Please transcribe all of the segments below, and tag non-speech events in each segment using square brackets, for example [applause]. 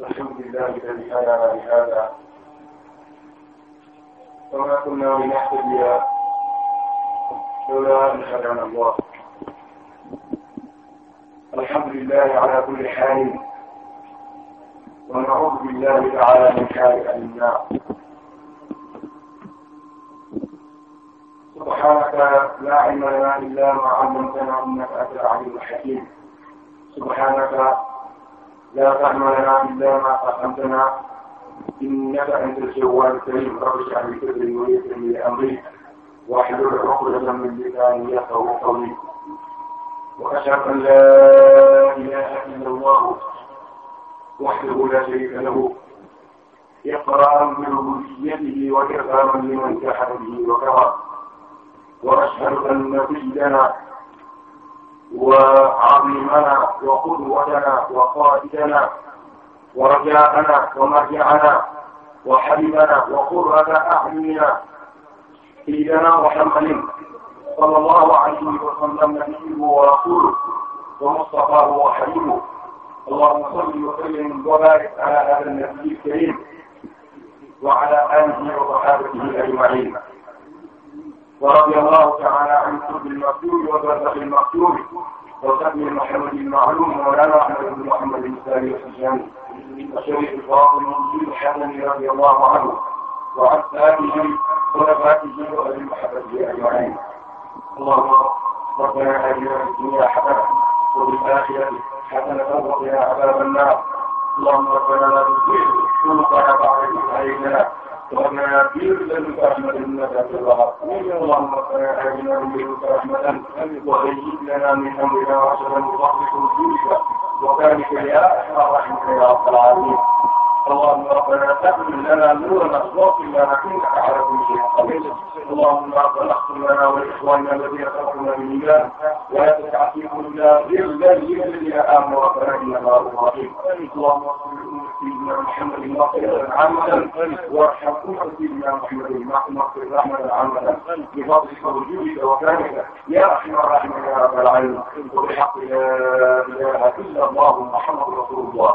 الحمد لله الذي هدانا لهذا وما كنا لنهتدي لولا ان هدانا الله الحمد لله على كل حال ونعوذ بالله تعالى من حال اهل النار سبحانك لا علم لنا الا ما علمتنا انك انت العليم الحكيم سبحانك يرحمنا بما قدمتنا إنك أنت الجواد الكريم رب اشرح لي صدري ويسر لي أمري واحلل عقدة من لساني يفقهوا قولي وأشهد أن لا إله إلا الله وحده لا شريك له إقرارا بربوبيته وإكراما لمن جحد به وكفر وأشهد أن نبينا وعظيمنا وقدوتنا وقائدنا ورجاءنا ومرجعنا وحبيبنا وقرة أعيننا سيدنا محمد صلى الله عليه وسلم نبيه ورسوله ومصطفاه وحبيبه اللهم صل وسلم وبارك على هذا النبي الكريم وعلى آله وصحابته أجمعين ورضي الله تعالى عن حب المكتوب وبرزخ المكتوب وختم محمد المعلوم مولانا احمد بن محمد الثاني الحجاني وشريف الفاطمي بن الحسن رضي الله عنه وعن سائره خلفائه وابي محبته اجمعين اللهم ربنا اجعلنا في الدنيا حسنه وفي الاخره حسنه وقنا عذاب النار اللهم ربنا لا تزغ قلوبنا بعد اذ هديتنا ربنا يرزقنا رحمة إنك أنت الوهاب اللهم اغفر لنا منك رحمة وهيئ لنا من أمرنا رشدا وفضلك وجودك وذلك يا أرحم الراحمين يا رب العالمين اللهم ربنا تكن لنا نورا واطلع عينك على كل شيء قدير اللهم ربنا اغفر لنا ولاخواننا الذين سبقونا بالايمان ولا تجعل في قلوبنا غلا للذين امنوا ربنا انك رؤوف رحيم اللهم اغفر سيدنا محمد مغفرة عامة وارحم أمة سيدنا محمد مغفرة رحمة عامة بفضلك وجودك وكرمك يا أرحم الراحمين يا رب العالمين وبحق لا إله إلا الله محمد رسول الله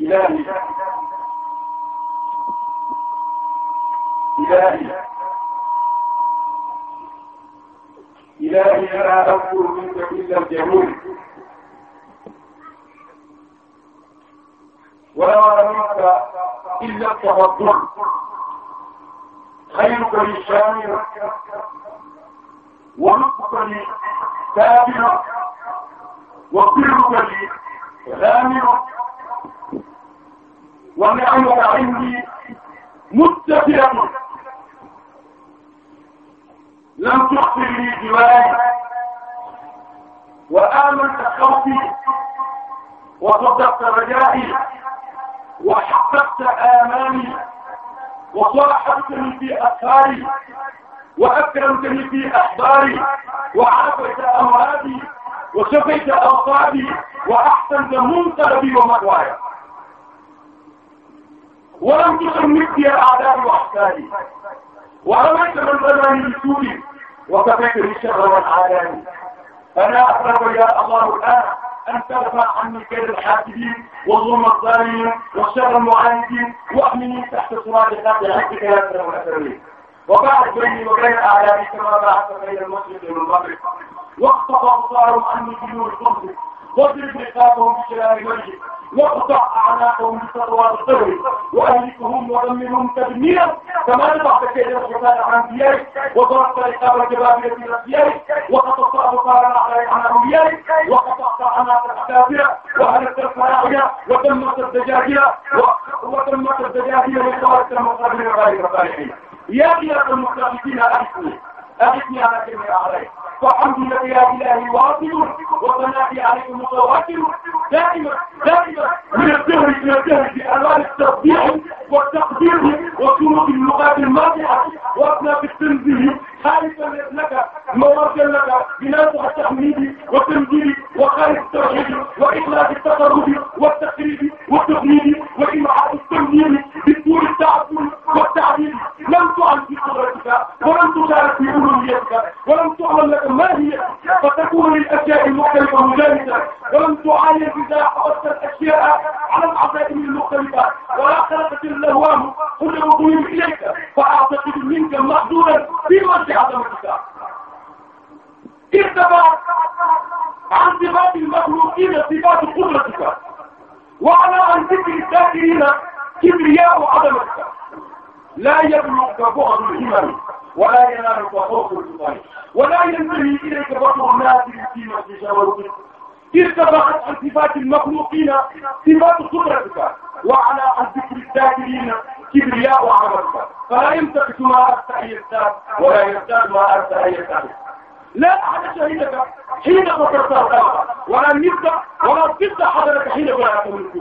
إلهي إلهي إلهي لا أذكر منك إلا الجميل ولا أرى منك إلا التوضع خيرك للشام ونطق لي تابع وقرك لي غامر ونعمك عندي متفقا لم تخفر لي دماء وآمنت خوفي وصدقت رجائي وحققت آمالي وصاحبتني في أسهاري وأكرمتني في أحباري وعافيت أمراضي وشفيت أوصابي وأحسنت منقلبي ومثواي ولم تسمك يا أعداء وأحسادي وأمت من ظلمني بسوءي وكفيت الشر والعالم أنا أطلب يا الله الآن أن ترفع عني كيد الحاسدين وظلم الظالمين وشر المعاندين وأحمني تحت سراد عبدك يا أكرم الأكرمين وبعد بيني وبين أعدائي كما بعثت بين المشرق والمغرب واخطف أبصارهم عني بنور فضلك واضرب رقابهم بشلال وجهك واقطع اعناقهم بسطوات الطول واهلكهم ودمرهم تدميرا كما نزعت كيد الحساد عن انبيائك وضربت رقاب الجبابره من اخيائك وقطعت ابصار الاعداء عن اوليائك وقطعت اعناق الاكابر واهلكت الفراعنه ودمرت الدجاجله ودمرت الدجاجله وصارت المصابين غير الصالحين يا قيادة المخالفين أحسنوا أغثني على جميع أعلي وحمدي لك يا إلهي واصل وصلاتي عليك متواصل دائما دائما من الدهر إلى الدهر بألوان التربيع والتقدير وسلوك اللغات الماضية وأصناف التنزيه خالصا لك موردا لك بناصح التحميد والتمجيد وخالص التوحيد وإخراج التقرب والتقريب والتقليد وإمعاء التمييز بطول التعبد والتعديل لم تعد في قدرتك ولم تشارك في أولويتك ولم تعلم لك ما هي فتكون للأشياء المختلفة مجالسة ولم تعاين إذا حفظت الأشياء على العزائم المختلفة ولا خلقت الأهوام كل عضوهم إليك فأعتقد منك مقدورا في مرجع عظمتك ارتفع عن صفات المخلوقين صفات قدرتك وعلى أن ذكر الذاكرين كبرياء عظمتك لا يبلغك بعض الهمم ولا ينالك فوق الفطن ولا ينتهي اليك بعض النادر فيما تجاوزك إذ تبعت عن صفات المخلوقين صفات قدرتك وعلى عن ذكر الذاكرين كبرياء عملك فلا يمسك ما أردت أن يزداد ولا يزداد ما أردت أن يزداد لا أحد شهدك حين فكرت ولا نبت ولا ضد حضرتك حين كنت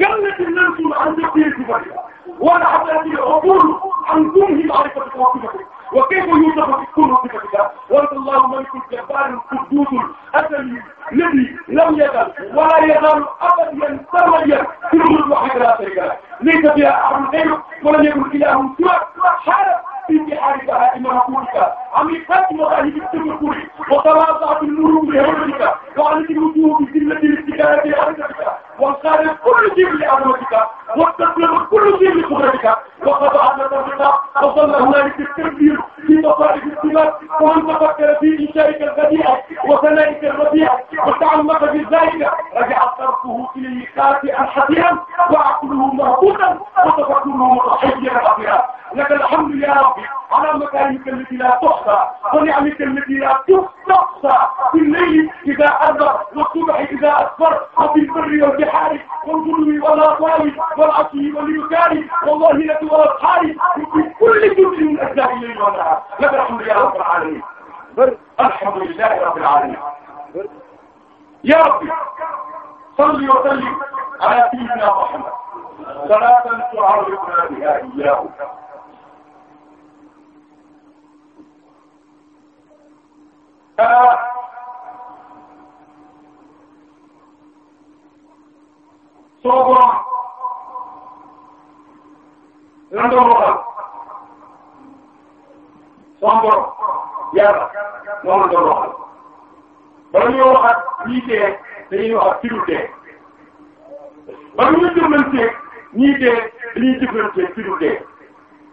جلت النفس عن تقدير كبرها ولعبت العقول عن كره معرفه واقفتها وكيف يوصف بالكنوز بالله وانت الله ملك الجبار القدوس الازلي الذي لم يزل ولا يزال ابدا سرمدا في الملك الواحد لا شريك له ليس فيها احد غيره ولم يكن اله سواك حاله في انتحار بهائم رسولك عميقات مذاهب التمكر وتواضعت النور بهمتك وعنت الوجوه بذله الاستكانه بحركتك وانقاد كل شيء لعظمتك واستسلم كل شيء لقدرتك وخضعت لك وظل هنالك التكبير بمصالح السمات وأن تفكر في إنشائك البديع وثنائك الربيع وتعمق بذلك رجع طرفه إليه خاطئا حسيرا وعقله مهبوطا وتفكره متحيرا حسيرا لك الحمد يا ربي على مكارمك التي لا تحصى ونعمك التي لا تحصى في الليل إذا أدبر والصبح إذا أسفر وفي البر والبحار والظلم والأطوال والعشي واليسار والظاهرة والأسحار وفي كل جزء من أجزاء الليل وتعالى لك الحمد يا رب العالمين الحمد لله رب العالمين يا ربي صل وسلم على سيدنا محمد صلاة تعرفنا بها إياه soo ko lan doon waxal sama borom yàlla moo ma doon waxal bala ñuy wax ak ñii dee dañuy wax ak firu dee bala ñuy jëflanteeg ñii dee dañuy jëflanteeg firu dee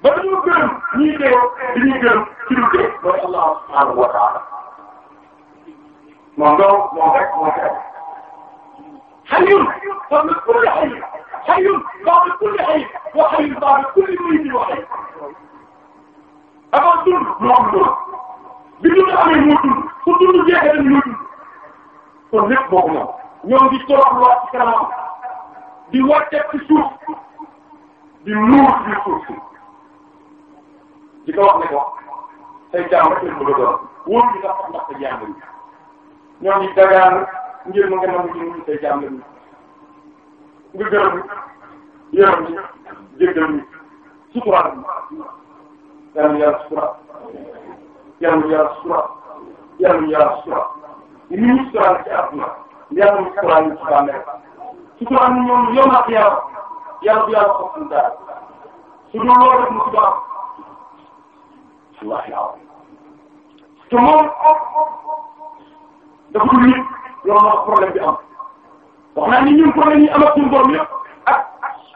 bala ñuy gërëm ñii dee dañuy gërëm firu dee mooy Allah subhanahu wa ta'ala moom loolu moom rek moo ci am حي قبل كل حي حي بعد كل حي وحي بعد كل ميت وحي avant dund mu am dund bi dund amee moo dund su dund jeexee rek ñoo dund kon lépp bokk moom ñoo ngi toroxluwaat ci kanamam di wàcceeg ci suuf di muur ci suuf di ko wax ko say jàmm rek lañ bëgg a doon wóor ñu sax ndax sa jàmm yi ñoo ngi dagaan ngir mu nga nangu ci ñu say yàlla na yàlla sutura yàlla na yàlla sutura yàlla na yàlla sutura li ñu suturaal ci àdduna yàlla na suturaal ñu ci bàmmeel suturaal ñu ñoom yom ak yàlla yàlla bu yàlla ko suñu daal su dul loolu rek mu ci doon wallaahi waaw te moom dafa dul nit loolu moo problème bi am wax naa ni ñun problème yi am ak suñu borom yëpp ak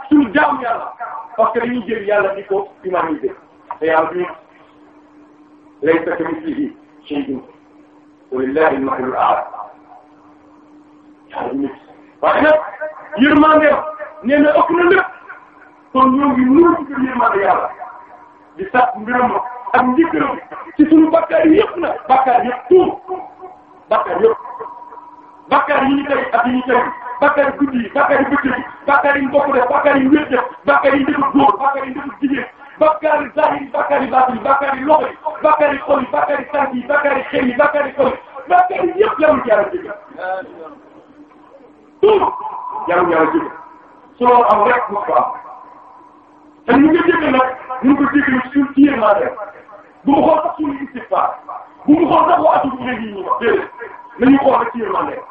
suñu jaamu yàlla parce que dañuy jël yàlla di ko humaniser te yàlla du laysa kamithlihi shay'un wa lillahi al-mathalul a'la waaye nag yërmande nee na na lépp kon ñoo ngi nuur ci biir yërmande yàlla di sax mbiram ak njëkkëram ci suñu bakkaar yi yëpp nag bakkaar yëpp tuur bakkaar yëpp bakkaar yi ñu tey ak yi ñu tey bakkaar guddi yi bakkaar yi bëccëg yi bakkaar yi mbokk def bakkaar yi wéet def bakkaar bakkaari zahiri bakkaari baatini bakkaari loxo yi bakkaari xol yi bakkaari tànk yi bakkaari xel yi bakkaari xol yi bakkaari yëpp tout jarul jaral jóge su loolu am rek mu ko am te ñu ngi jóge nag ñu ngi ko jóge suñ bu mu xool sax suñu istighfar bu mu xool sax waa atum ñu ne nii ñu wax déedéet nañu xool rek ci yéemaatee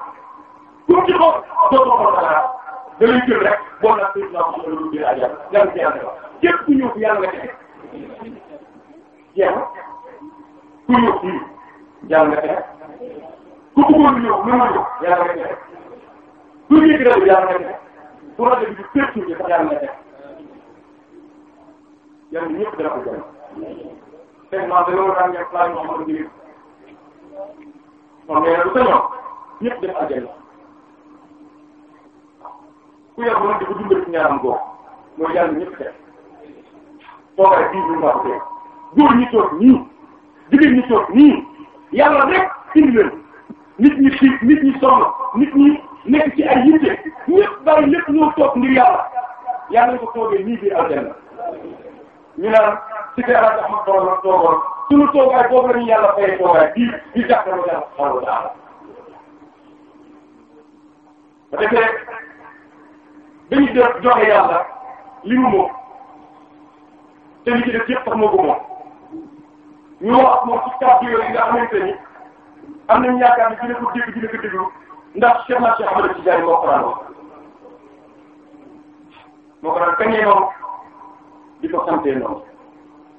pour ci xool dootoo xool da ngay jël rek boo naan sëñ bi naan xam nga loolu biir àjjana yàlla ci ànd képp ku ñëw yàlla nga fexe jeex na ku ñëw fii yàlla nga fexe ku bëggoon ñëw mën nga ñëw yàlla nga fexe ku njëkk rek yàlla nga fexe bu rajo bi du fépp ñu sax yàlla nga fexe yàlla ñëpp dana ko jëriñ. tey maa ngi doon ràññee plan yoo xamante ni kon mais lu ko ñor ñëpp def àjjana ku yor ba di ko dimbali ci ñaanam googu mooy yàlla ñëpp def toogaay bii ñu nga ko dee góor ñi toog nii jigéen ñi toog nii yàlla rek indi leen nit ñi xiif nit ñi sonn nit ñi nekk ci ay yitte ñëpp bari lépp ñoo toog ngir yàlla yàlla ko toogee nii biir aljanna ñu naan ci kër Hadj Ahmad Boroom ak toogoon suñu toogaay boobu la ñu yàlla fayee toogaay bii di jàppale yàlla subhaanahu wa ta'aala ba defee dañuy joxe yàlla li mu moom te li ci def yëpp sax moo ko moom ñu wax ak moom ci kàddu yooyu nga xamante ni am nañu yaakaar ni dina ko dégg dina ko déglu ndax Cheikh na Cheikh Ahmed Tidiane moo ko daan wax moo ko daan peñee noonu di ko santee noonu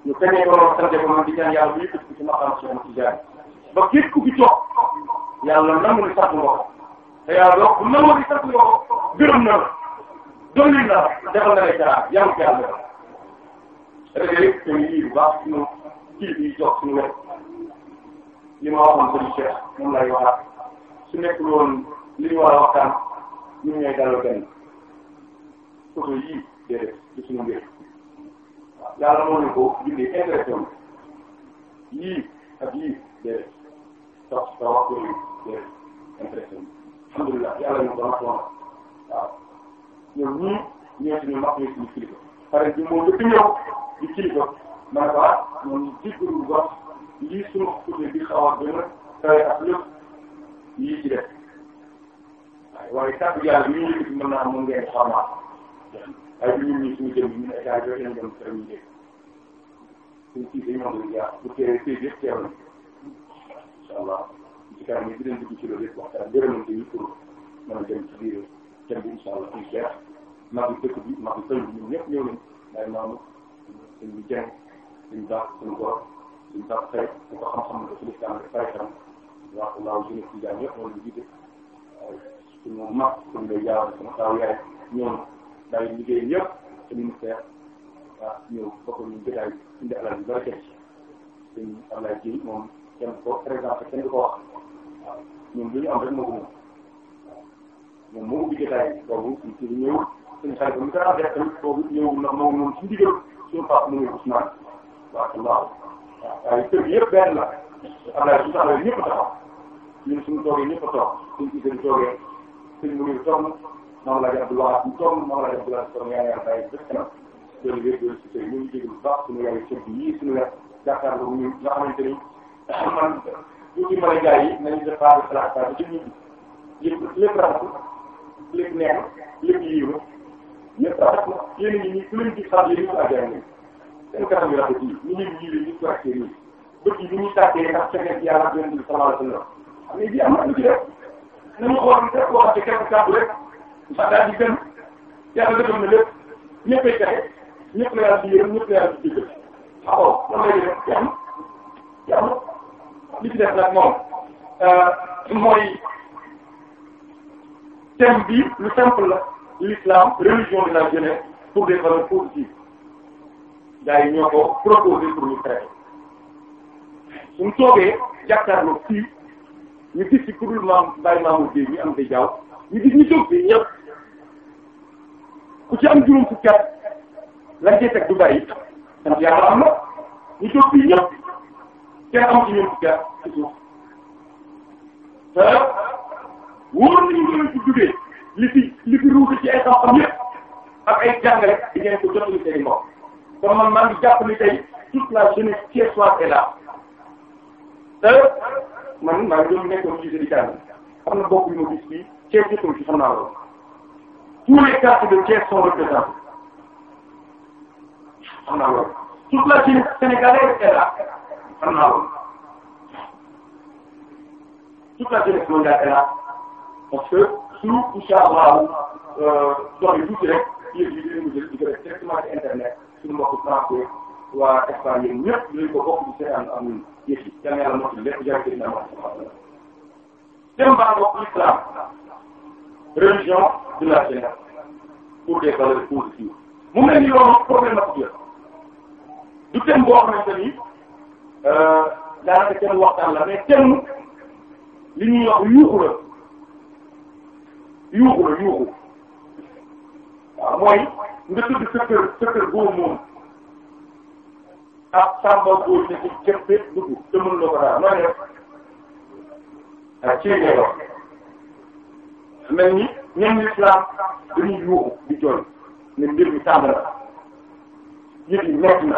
ñu peñee ko noonu santee ko noonu di ñaan yàlla bu yëkkati ko ci maqaam Cheikh Ahmed Tidiane ba képp ku fi toog yàlla nangu ni sant nga ko te yàlla donc bu nangoo di sant nga ko gërëm na la. doon nañ la defal na lay jaraat yàlla na yàlla defal. léeg-léeg tamit lii bu baax suñu bi jox suñu lépp li ma waxoon sëñ Cheikh moom lay waxaat su nekkul woon li ñu war a waxtaan ñun ñooy dalal benn photo yii déedéet du suñu mbir waaw yàlla moo ñu ko bindee intéressé yii ak yii déedéet tax tax wax yooyu déedéet intéressé alhamdulilah yàlla ñu ko wax waaw. ñoom ñii ñoo suñu mag ñoo suñu kilifa pare bi moo dëkk ñëw di kilifa ma ne ko ah ñoom jéggalu wax lii suñu côté bi xaw a gën a tawee ak lépp yii ci def waaye waaye kàddu yàlla mi ngi yëkkati mën naa moom ngay xamaat waaye bi ñun ñii suñu jëm ñun état yooyu lañ doon faram ñu dégg suñu kii dañu mën a jaar bu teewee tey yëpp teew na incha allah ci kanam yi dinañ dugg ci loolu yëpp waxtaan jërëmante yi pour mën a dem ci biir kenn bi incha mag bi dëkk bi mag bi sëñ bi ñun ñëpp ñëw nañ day maamu suñ bi jeng suñ baax suñu góor suñ baax tey bu ko xam-xam ne suñu islam rek fay tam waaw laaw jeunesse bi daan mag suñu lay jaawale sama yaay ñëw na day liggéey ñëpp te ministère waaw ñëw bokk ñun jotaay indi alal yu bari teg suñ Ablaye Dieng moom kenn ko présenté kenn du ko wax waaw ñun am rek moo ko moom moo ubbi jotaay bi boobu suñ ci ñëw suñ xale bu ñu ko rafet tamit boobu ñëw ndax moom moom suñu digal suñu paap mu ngi Ousmane waaw waaw waaye kër gi yëpp benn la Abdoulaye suñu taxawee ñëpp taxaw ñun suñu toogee ñëpp a toog suñ ci seen toogee suñ mu ngi toog moom la jàpp loo xam toog moom la jàpp loo xam yaa yaa bàyyi bés na loolu yëpp loolu si tey ñu ngi déglu bu baax suñu yaay sëñ bi yii suñu la jàkkaarloo ñu nga xamante ni [coughs] man tuuti mala jaay yi nañu def baax xalaat ba ci ñu lépp lépp rafetlu léegi neex léegi yiiru ñëpp rafet na yéen ñi ñu leen ci sax yéen ñu agréé nañ seen kanam yu rafet yi ñu ngi jiwee ñu correcté nii bët yi ñu tàkkee ndax fekkee ci yàlla yonent bi sallallahu alayhi wasallam xam nga bii am na lu ci def nañu xool rek boo xam ne kenn kàddu rek sax daal di gën yàlla defoon na lépp ñëppay fexe ñëpp la yàlla di yërëm ñëpp la yàlla di jëggal xaw ma lay def kenn kenn li ci def nag moom euh, mooy. thème bi lu simple la l'islam religion de la jeunesse pour des valeurs positives gars yi ñoo ko proposé pour ñu traiter suñ toogee jàkkaarloo fii ñu gis ci kuréel maam Baye Mamadou Gueye ñu am di jaww ñu gis ñu jóg fii ñëpp ku ci am juróom fukki at lañ cee teg du bari sant yàlla am na ñu jóg fii ñëpp kenn am ci ñoom fukki at ci suuf wóor nañu ko leen ci duggee li fi li fi ruuti ci ay xam-xam yëpp ak ay jàngale di ngeen ko jot seen i mbokk kon man maa ngi jàpp ni tey toute la jeunesse thiessoise est man maa ngi doon nekkoon ci di jàng na bokk yu ma gis fii Thiès yëpp ci xam naa loolu tous les quartiers de Thiès sont représentés xam naa loolu toute la jeunesse sénégalaise parce su incha allah soxla tuuti rek yéen ñi dinañu jël di ko def directement ci internet suñu mbokku français waa Espagne yéen ñëpp dinañ ko bokk di seetaan am ñun yéen ci yal na yàlla motul lépp jaay kër yi am dem baa bokk l'islam religion de la jeunesse pour des valeurs positives mu mel ni loolu problème la ko jël du thème boo xamante ni euh, daanaka thème waxtaan la mais thème li ñuy wax yuuxu la. yuuxu la mooy nga tudd sa kër sa kër moom ak ah sàmba góor ne ci jëppe dugg te mën loo ko daal noo def ah ci ngay wax mel ni ñoom l'islam dañuy yuuxu di jooy ne mbir mi tàng na yëf yi metti na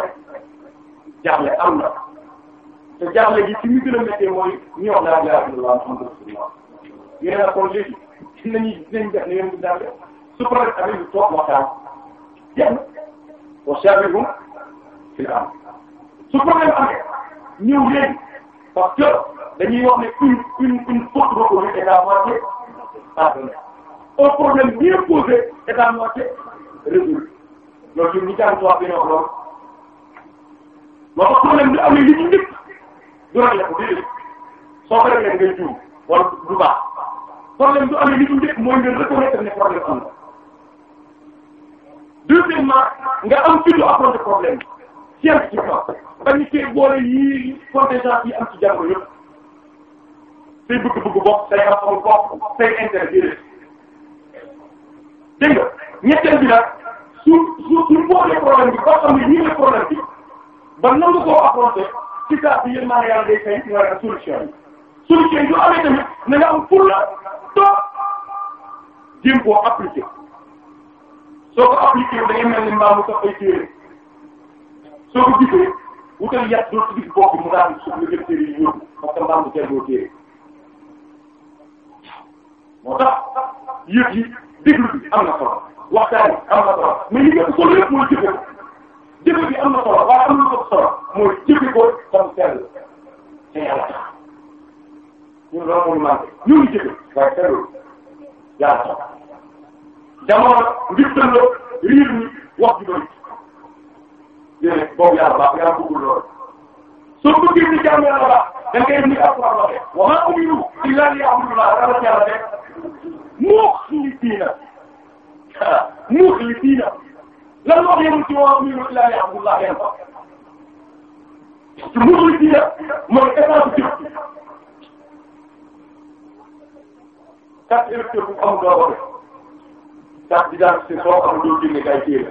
am na gi ci ñu gën a méttee mooy ñi wax laa ilaaha illallaah muhammadu rasuulullaah a kon léegi dinañu dinañ def ne yéen bu daal su ko defee tamit ñu toog waxtaan jeex na wa shawirhum fil amr su problème amee ñëw léegi parce que dañuy wax ne une une une faute reconnue est à moitié pardonnée un problème bien posé est à moitié résolu loolu ñun ñu jàng tubaab bi ñu wax loolu loolu problème bi am na li ñu njëkk du réglé ko déedéet soo ko réglé ngay juum wala du baax. problème du amee li ñu njëkk mooy nga reconnaître ne problème am na deuxièmement nga am fitu affronter problème bi scientifiquement bañu tee boole yii contingence yi am ci jàngo yëpp say bëgg-bëgg bopp say xam-xamu bopp say intérêt direct dégg nga ñetteel bi nag su boole problème bi ba xam ne ñii la problème bi ba nangu koo affronter ci saa si yéen maa yàlla day fay solution yi solution du amee tamit na nga am pour la toog jéem koo appliqué soo ko appliqué da ngay mel ni mbaamu sax ay téere soo ko gisee wutal yàq doo ci gis bopp mu daal suuf nga jël téere yi yóbbu parce que mbaamu teel doo téere moo tax yëpp yi déglu bi am na solo waxtaan bi am na solo mais li nga solo yëpp mooy jëfe ko jëfe bi am na solo waaye am na solo mooy jëfe ko tam sell te yàlla tax ñun loolu mooy manqué ñu ngi ci biir waaye teelul yaa xam jamono ngir tënloo riir ñi wax ju bëri déedéet boobu yàlla baax yàlla bëggul lool soo bëggee ni jàmm yàlla baax da ngay ni Alxuraan waxee wa maa umiru illaa liya'budullaah dama ci yàlla rek muxlisiina muxlisiina lan wax yéen ci wa maa umiru illaa liya'budullaah yàlla muxlisiina mooy état bi carte électeur bu amul doo ko def carte d'identité soo amul doo génne ay téere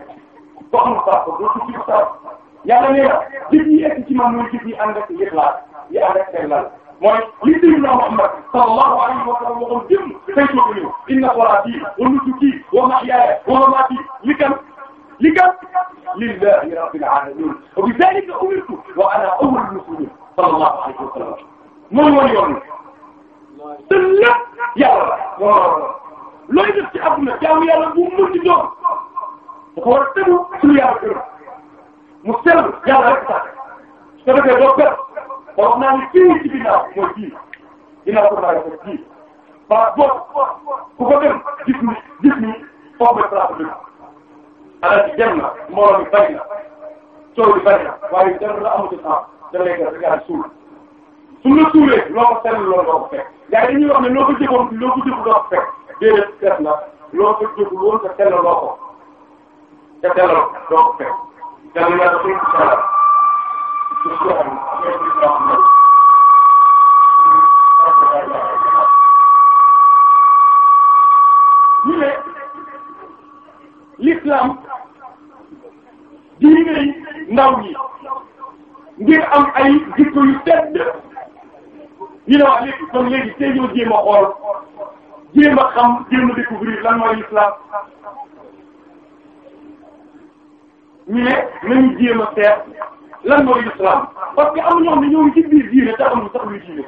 soo amul paas doo ko ci paas yàlla nee na jëf yi egg ci man mooy jëf yi ànd ak yëflaat yi ànd ak sellal mooy li Seydina Muhammad sallallahu alayhi wa sallam waxoon jëm tey soo ñëw inna salaati wa nusuki wa mahyaaya wa mamaati li kan li kan lillahi rabbil alamin wa bi dhalika umirtu wa ana awwalul muslimin sallallahu alayhi wa sallam moom mooy yoon te lépp yàlla looy def ci àdduna jaamu yàlla bu mu mën di doon dafa war a mu sell yàlla rek sax su ko defee doo perte ba wax naa ni kii ci ginnaaw mooy kii ginnaaw ba boo ku ko gis ni gis ni foo koy place bi alal ji na mbooloo mi bari na coow bi bari na waaye dara la amatul temps da lay gërëm da ngaa suul. su la tuuree loo ko seetlu loolu doo ko fekk gars yi dañuy wax ne loo ko jëfoon loo ko jëf doo ko fekk déedéet seet na loo ko jëful woon te seetlu loo ko te seetlu doo ko fekk. yàlla na ko yàlla ñu ne l'islam diine ndaw yi ngir am ay jikko yu tedd. ñu ne wax léegi kon léegi tey ñoo jéem a xool jéem a xam jéem a découvrir lan mooy l'islam ñu ne nañu jéem a seet lan mooy l'islam parce que am ñoom ne ñoo ngi ci biir diine te amul sax luy diine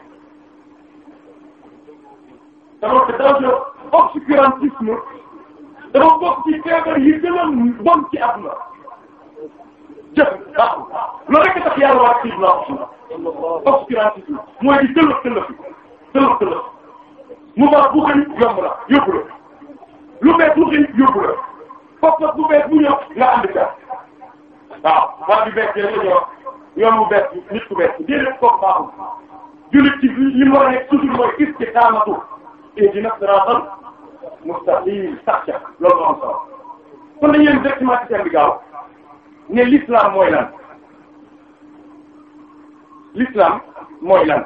alors que dans le obscurantisme dafa bokk ci feebar yi gën a bon ci àdduna jëf baaxul loolu rek tax yàlla wax ci biir obscurantisme mooy di tëlëf tëlëf tëlëf tëlëf mu baax bu xëy yomb la yóbbu la lu bees lu xëy yóbbu la foofu bu bees bu ñëw nga andi ca waaw waa bi bees yéen a ñëw yoon bu bees nit ku bees déedéet kooku baaxul jullit ci li mu war a nekk toujours mooy gis ci taamatu et dina siraatal mustaqim sax ca loolu moo am solo kon dañu leen directement ci seen bi gaaw ne l'islam mooy lan l'islam mooy lan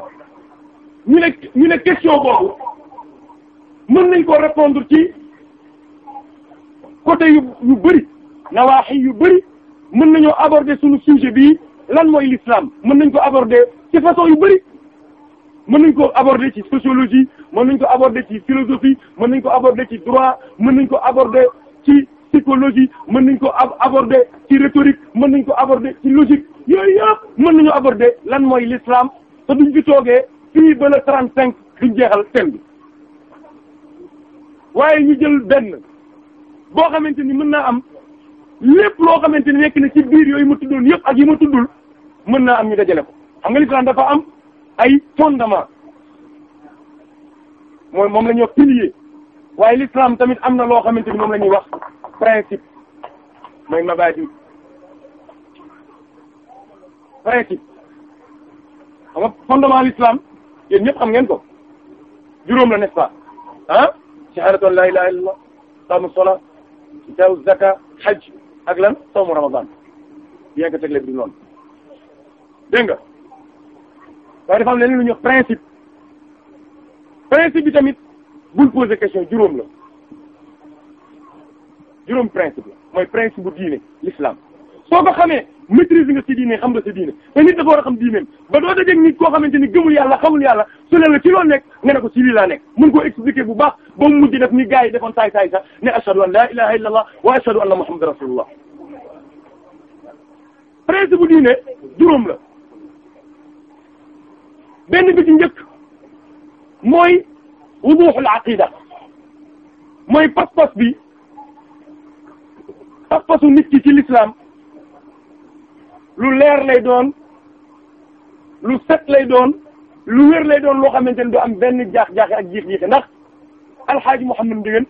ñu ne ñu ne question boobu mën nañ ko répondre ci côté yu yu bëri nawaaxi yu bëri mën nañoo aborder suñu sujet bii lan mooy l'islam mën nañ ko aborder ci façon yu bëri mën nañ ko aborde ci sociologie mën nañ ko aborder ci philosophie mën nañ ko aborder ci droit mën nañ ko aborder ci psychologie mën nañ ko aborder ci rhétorique mën nañ ko aborder ci logique yooyu yëpp mën nañu aborder lan mooy l'islam te duñ fi toogee fii ba le trente cinq duñ jeexal thème bi waaye ñu jël benn boo xamante ni mën naa am lépp loo xamante ni nekk na ci biir yooyu ma tuddoon yëpp ak yi ma tuddul mën naa am ñu dajale ko xam nga l'islam dafa am ay fondement mooy moom la ñuy wax pilier waaye l'islam tamit am na loo xamante ni moom la ñuy wax principe mooy mabaadi principe xam nga fondement l'islam yéen ñëpp xam ngeen ko juróom la n'est-ce pas ah shahadatu an la ilaha illallah qaamu sola itaawu zaka hajj ak lan sawmu ramadan bien que du noonu dégg nga waaye dafa am leneen lu ñuy wax principe principe tamit bul poser question juróom la juróom principe la mooy principe bu diine l'islam soo ko xamee maîtrise nga diine xam nga sa diine te nit dafa war a xam diineem ba doo dajeeg nit koo xamante ni gëmul yàlla xamul yàlla su leen la ci loo nekk nga ne ko ci nekk mën koo expliquer bu baax ba mu mujj def ni gars yi defoon saay saay sax ne ashhadu an la ilaha illallah wa ashhadu anna muhammadan rasulullah principe bu diine juróom la benn bi ci njëkk mooy wuduhul aqida mooy pas-pas bi pas-pasu nit ki ci lislaam lu leer lay doon lu set lay doon lu wér lay doon loo xamante ne du am benn jaax-jaaxe ak jiix-jiixe ndax alxaaji Mouhamed Ndieguene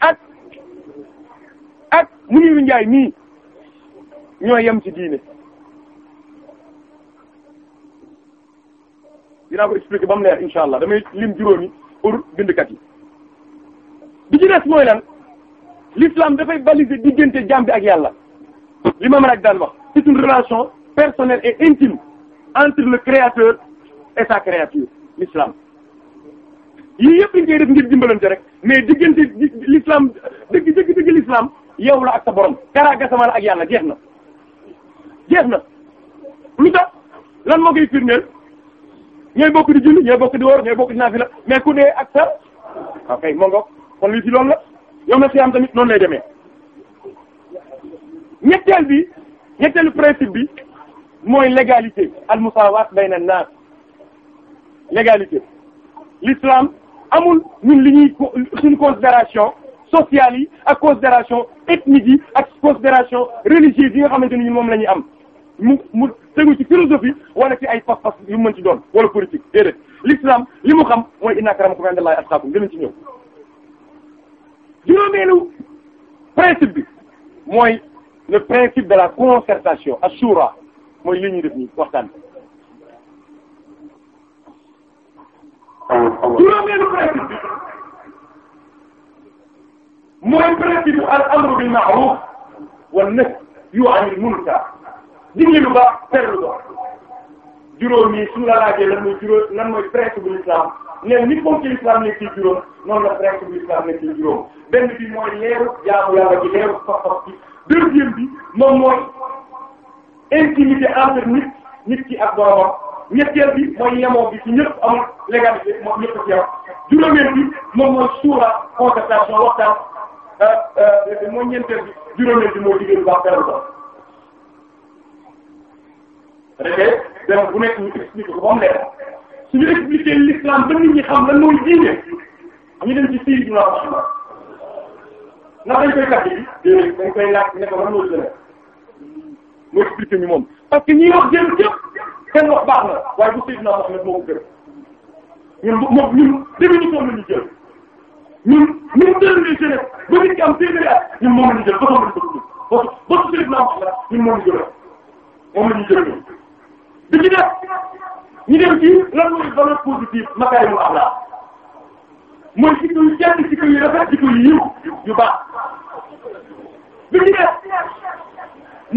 ak ak Mounirou Ndiaye mii ñoo yem ci diine dinaa ko expliquer ba mu leer insha allah damay lim juróomi pour bindkat yi bi ci mooy lan l'islam dafay baliser diggante jaam ak yàlla li ma man ak daan wax c'est une relation personnelle et intime entre le créateur et sa créature l'islam yii yëpp dañ koy def ngir dimbalante rek mais diggante l'islam dëgg dëgg dëgg l'islam yow la ak sa borom karaaga sama ak yàlla jeex na jeex na lu tax lan moo koy firndeel ñooy bokk di julli ñooy bokk di wóor ñooy bokk di naafila mais ku dee ak sa ok moo kon li ci loolu la yow ma am tamit noonu lay demee ñetteel bi ñetteelu principe bi mooy l'égalité al musaawaat bayna an-naas l'égalité l'islam amul ñun li ñuy suñu considération sociale yi ak considération ethnique yi ak considération religieuse yi nga xamante ni ñun moom la ñuy am mu mu tegu ci philosophie wala ci ay fas-fas yu mën ci doon wala politique déedéet l'islam li mu xam mooy inna akramakum indallahi atqakum dinañ ci ñëw juróomeelu principe bi mooy le principe de la concertation assura mooy li ñuy def nii waxtaan juróomeelu principe bi mooy principe al amru bil ma'ruf wan nahyu anil munkar digle lu baax tere lu bon juróom yi suñu la laajee lan mooy juróom lan mooy principe bu l'islam ne ni ponk l'islam ne ci juróom noonu la principe bu l'islam ne ci juróom benn bi mooy leeru jaamu yàlla gi leeru fafaf bi moom mooy intimité entre nit nit ki ak boromam ñetteel bi mooy yemoo bi ci ñëpp amul légalité moom ñëpp a ci am juróomeel bi moom mooy suura concertation waxtaan euh, euh, mooy ñeenteel bi juróomeel bi moo diggante baax teelal ko. rek dem bu nekk ñu expliqué ko ba mu leer suñu expliqué l'islam ba nit ñi lan mooy diine ñu dem ci Sayyidina Muhammad ndax dañ koy kàddu gi déedéet dañ koy laaj ne ko lan mooy gën mu expliqué ñu moom parce que ñi wax jëm cëpp seen wax baax na waaye bu Sayyidina Muhammad moo ko gën ñun moom ñun définition la ñu jël ñun ñun tënk jeunesse ba nit ki am téeméeri at ñun moom la ñu jël ba soxla ñu ko ba su Sayyidina Muhammad ñun moom la ñu jël moom la ñu jël di ci def ñu dem ci lan mooy valeur positive makaarimul axlaaq mooy jikko yu jàng jikko yu rafet jikko yu yiw yu baax bi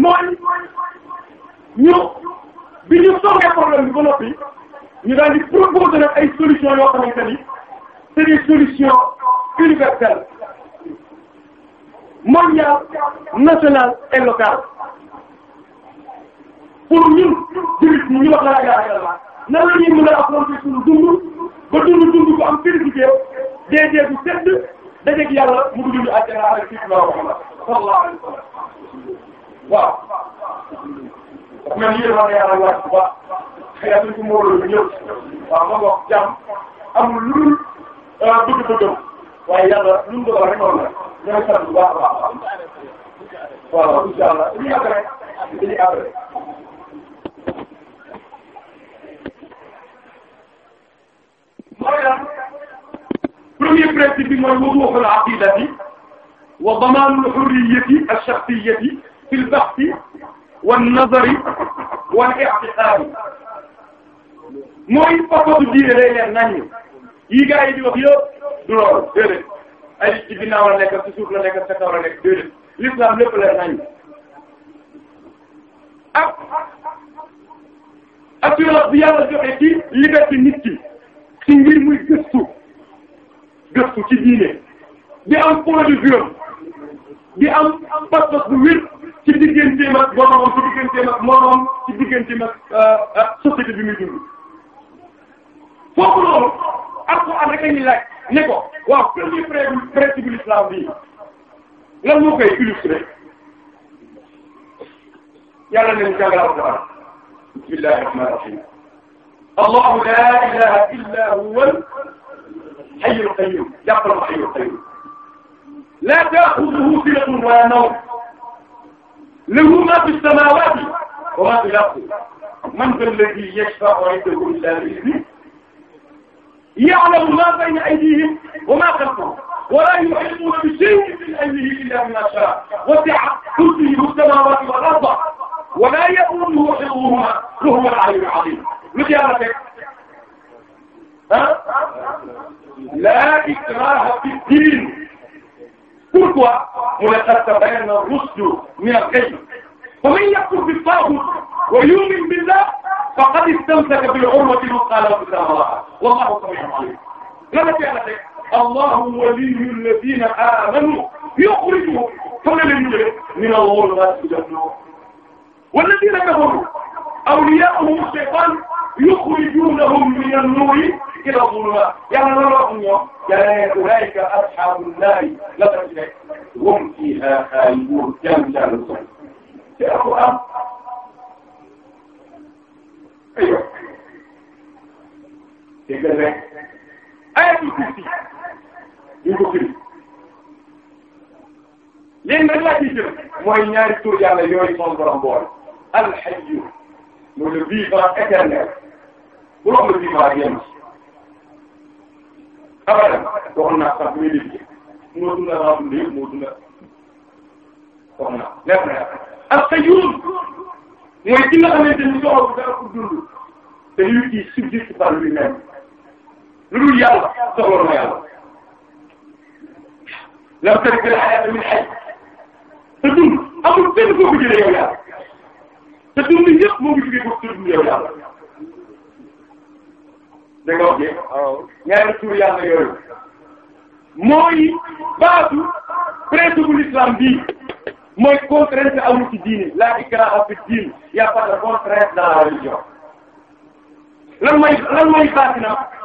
mooy ñu bi ñu soogee problème bi ba noppi ñu daal di proposer nag ay solution yoo xamante ni c'est des solutions universelles mondiales nationales et pour ñun jullit ñi ñu wax la ilaha illallah nan la ñuy mën a affronter suñu dund ba dund dund bu am félicité dee dee bu sedd dajeeg yàlla mu dugg ñu àjjana ak Seydina Muhammad sallallahu alayhi wa sallam waaw. wax nga ni yéen a yàlla waaj bu baax xëy na suñu mbooloo bi ñëw waaw ma wax jàmm amul lu dul euh, bëgg-bëggam waaye yàlla lu mu bëgg a wax rek noonu la ñooy sant bu baax a baax waaw incha allah dañuy après dañuy après. mooy lan premier principe bi mooy wuduhul aqidati wa damanul hurriyyati ash-shakhsiyyati fil bahthi wan nazari wal i'tiqadi mooy fapatu diine day leer naññu yi gaa yi di wax yëpp du loolu déedéet ay ci ginnaaw la nekk ci suuf la nekk ca kaw la nekk l'islam lépp leer naññu ak assurance bi yàlla joxe ci liberté ci ngir gëstu gëstu ci diine di am point de vue di am pas-pas bu wér ci digganteem ak boromam ci digganteem ak moroom ci digganteem euh, ak société bi muy dund foofu loolu alxuraan rek lañuy laaj ne ko waaw premier principe l'islam bi lan moo koy illustré yàlla nañu jàngal alxuraan bismillahir rahmanir rahim allahu laa ilaha illa huwa hayyul qayyum jàppal ma hayyul qayyum laa taaxuduhu sinatun wala nawm lahu ma fi samaawaati wa ma fi l-ardi man za allazii yashfa'u indahu illaa bi'izni ya'lamu ma bayna aydiihim wa ma khalfahum wa laa yuhiituuna bi shay'in min ilmihi illaa bimaa shaa'a wasi'a kursiyuhu s-samaawaati wal arda wala ya'uduhu hifzuhumaa wa huwa al-'aliyyul 'aziim lu ci yàlla teg ah laa ikraaha fi diin pourquoi mu ne qad tabayyana rushdu mina al-ghayy faman yakfur bit-taaghut wa yu'min billah faqad istamsaka bil-'urwati al-wuthqaa laa nfisaaama lahaa wallaahu samii'un 'aliim lan la ci yàlla teg allahu waliyyu allaziina aamanuu yukhrijuhum fa la leen jëlee mina al-ghulumaati ila an-nuur والذين كفروا أولياؤهم الشيطان يخرجونهم من النور إلى الظلمات yàlla loolu wax ñoom yàlla أولئك أصحاب النار هم فيها خالدون jàmm jàmm soxna. te Alxuraan aywa dégg nga rek ayatu kursi ñu ko firi léegi nag laa ciy jël mooy ñaari tur yàlla yooyu son borom boole al-hayy mooy le vivant éternel bu doon le vivant yem ci abadan waxoon naa sax muy déggee moo dund ak waa dundee moo dund ak wax naa leer na al-qayyum mooy ki nga xamante ni soxla dara pour dund te lui qui subsiste par lui-même lu dul yàlla soxla na yàlla. lam tadrik al-hayaat min hayy te dund amul benn koo ko jëlee yow yàlla. te dund yëpp moo ngi jugee ko dund yow yàlla. da nga wax ni ñaari tur yooyu mooy baatu principe l'islam bii mooy contrainte amul ci diini la ikraha fi diin y a pas de contrainte lan mooy lan mooy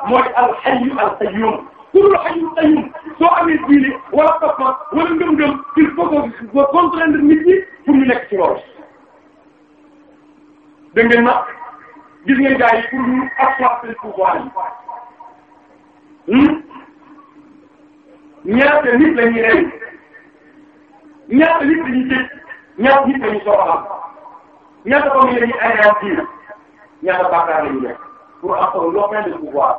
mooy al hayyu al qayyum kullu hayyun qayyum soo amee diini wala papa wala ngëm-ngëm il faut que nga contraindre nit ñi pour nekk ci loolu. da ngeen na gis ngeen gars yi pour ñu accroître pouvoir yi ñaata nit la ñuy rey ñaata nit la ñuy tëj ñaata nit la ñuy soxla ñaata famille la ñuy anéantir ñaata bàkkaar la ñuy def pour am lopin de pouvoir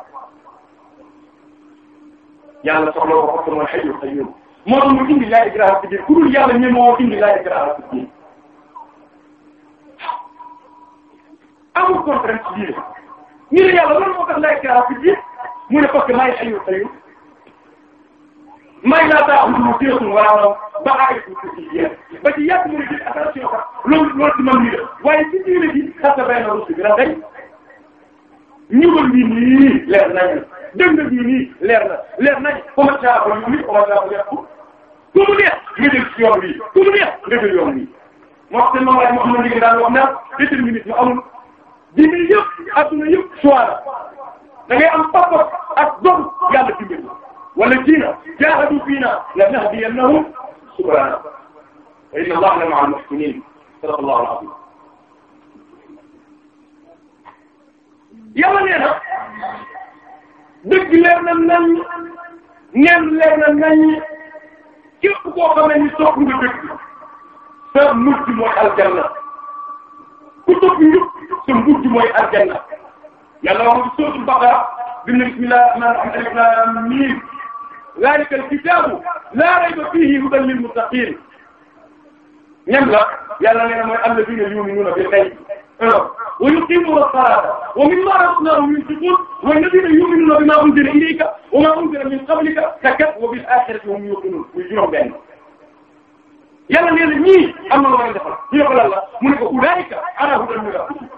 yàlla soxla ko parce que mooy xëy na xëy na moo tax mu indi laa ikraha fi diin ku dul yàlla ñemoo indi laa ikraha fi diin amul contrainte ci diine ñu ne yàlla loolu moo tax bi ji mu ne parce que maa ngi ayoo ayoo maa ngi laa taa am lu mu déglu wala ba ay ba ci yàgg mu ne jël attention sax loolu loolu ci man mii la waaye ci diine bi na bay na ruus bi la day ñëwal bii nii leer nañ la dëng bii nii leer na leer nañ commencé ba ñu commencé ba leer ko ku mu neex nga jël yoon bii ku mu neex nga jël yoon bii moo tax seen mën waaye moo xam ne liggéey daal wax dimbali yëpp adduna yëpp suwaara da ngay am papa ak doom yàlla dimbali wala diina jaahadu fiina lanahdiyannahum subulanaa wa inna allaha la ma'a al-muhsinin sadaqa allahu al-azim yàlla nee na dëgg leer na nañ neen leer na nañ képp koo xam ne ni sopp nga dëgg sa mujj mooy aljanna ku sopp njub sa mujj mooy aljanna yàlla wax ci suratul baqara bi ne bismillahir rahmanir rahim alif lam mim zalika alkitabu la rayba fihi hudan lil muttaqin ñam la yàlla nee na mooy alladina yuminuna bil ghayb wa yuqimuna as-salata wa mimma razaqnahum yunfiqun wa alladina yuminuna bima unzila ilayka wa ma unzila min qablika takat wa bil akhirati hum yuqinun muy juróom benn yàlla nee na am na lu war a defal ñu ne ko la mu ne ko ulaayika ala hudan min rabbihim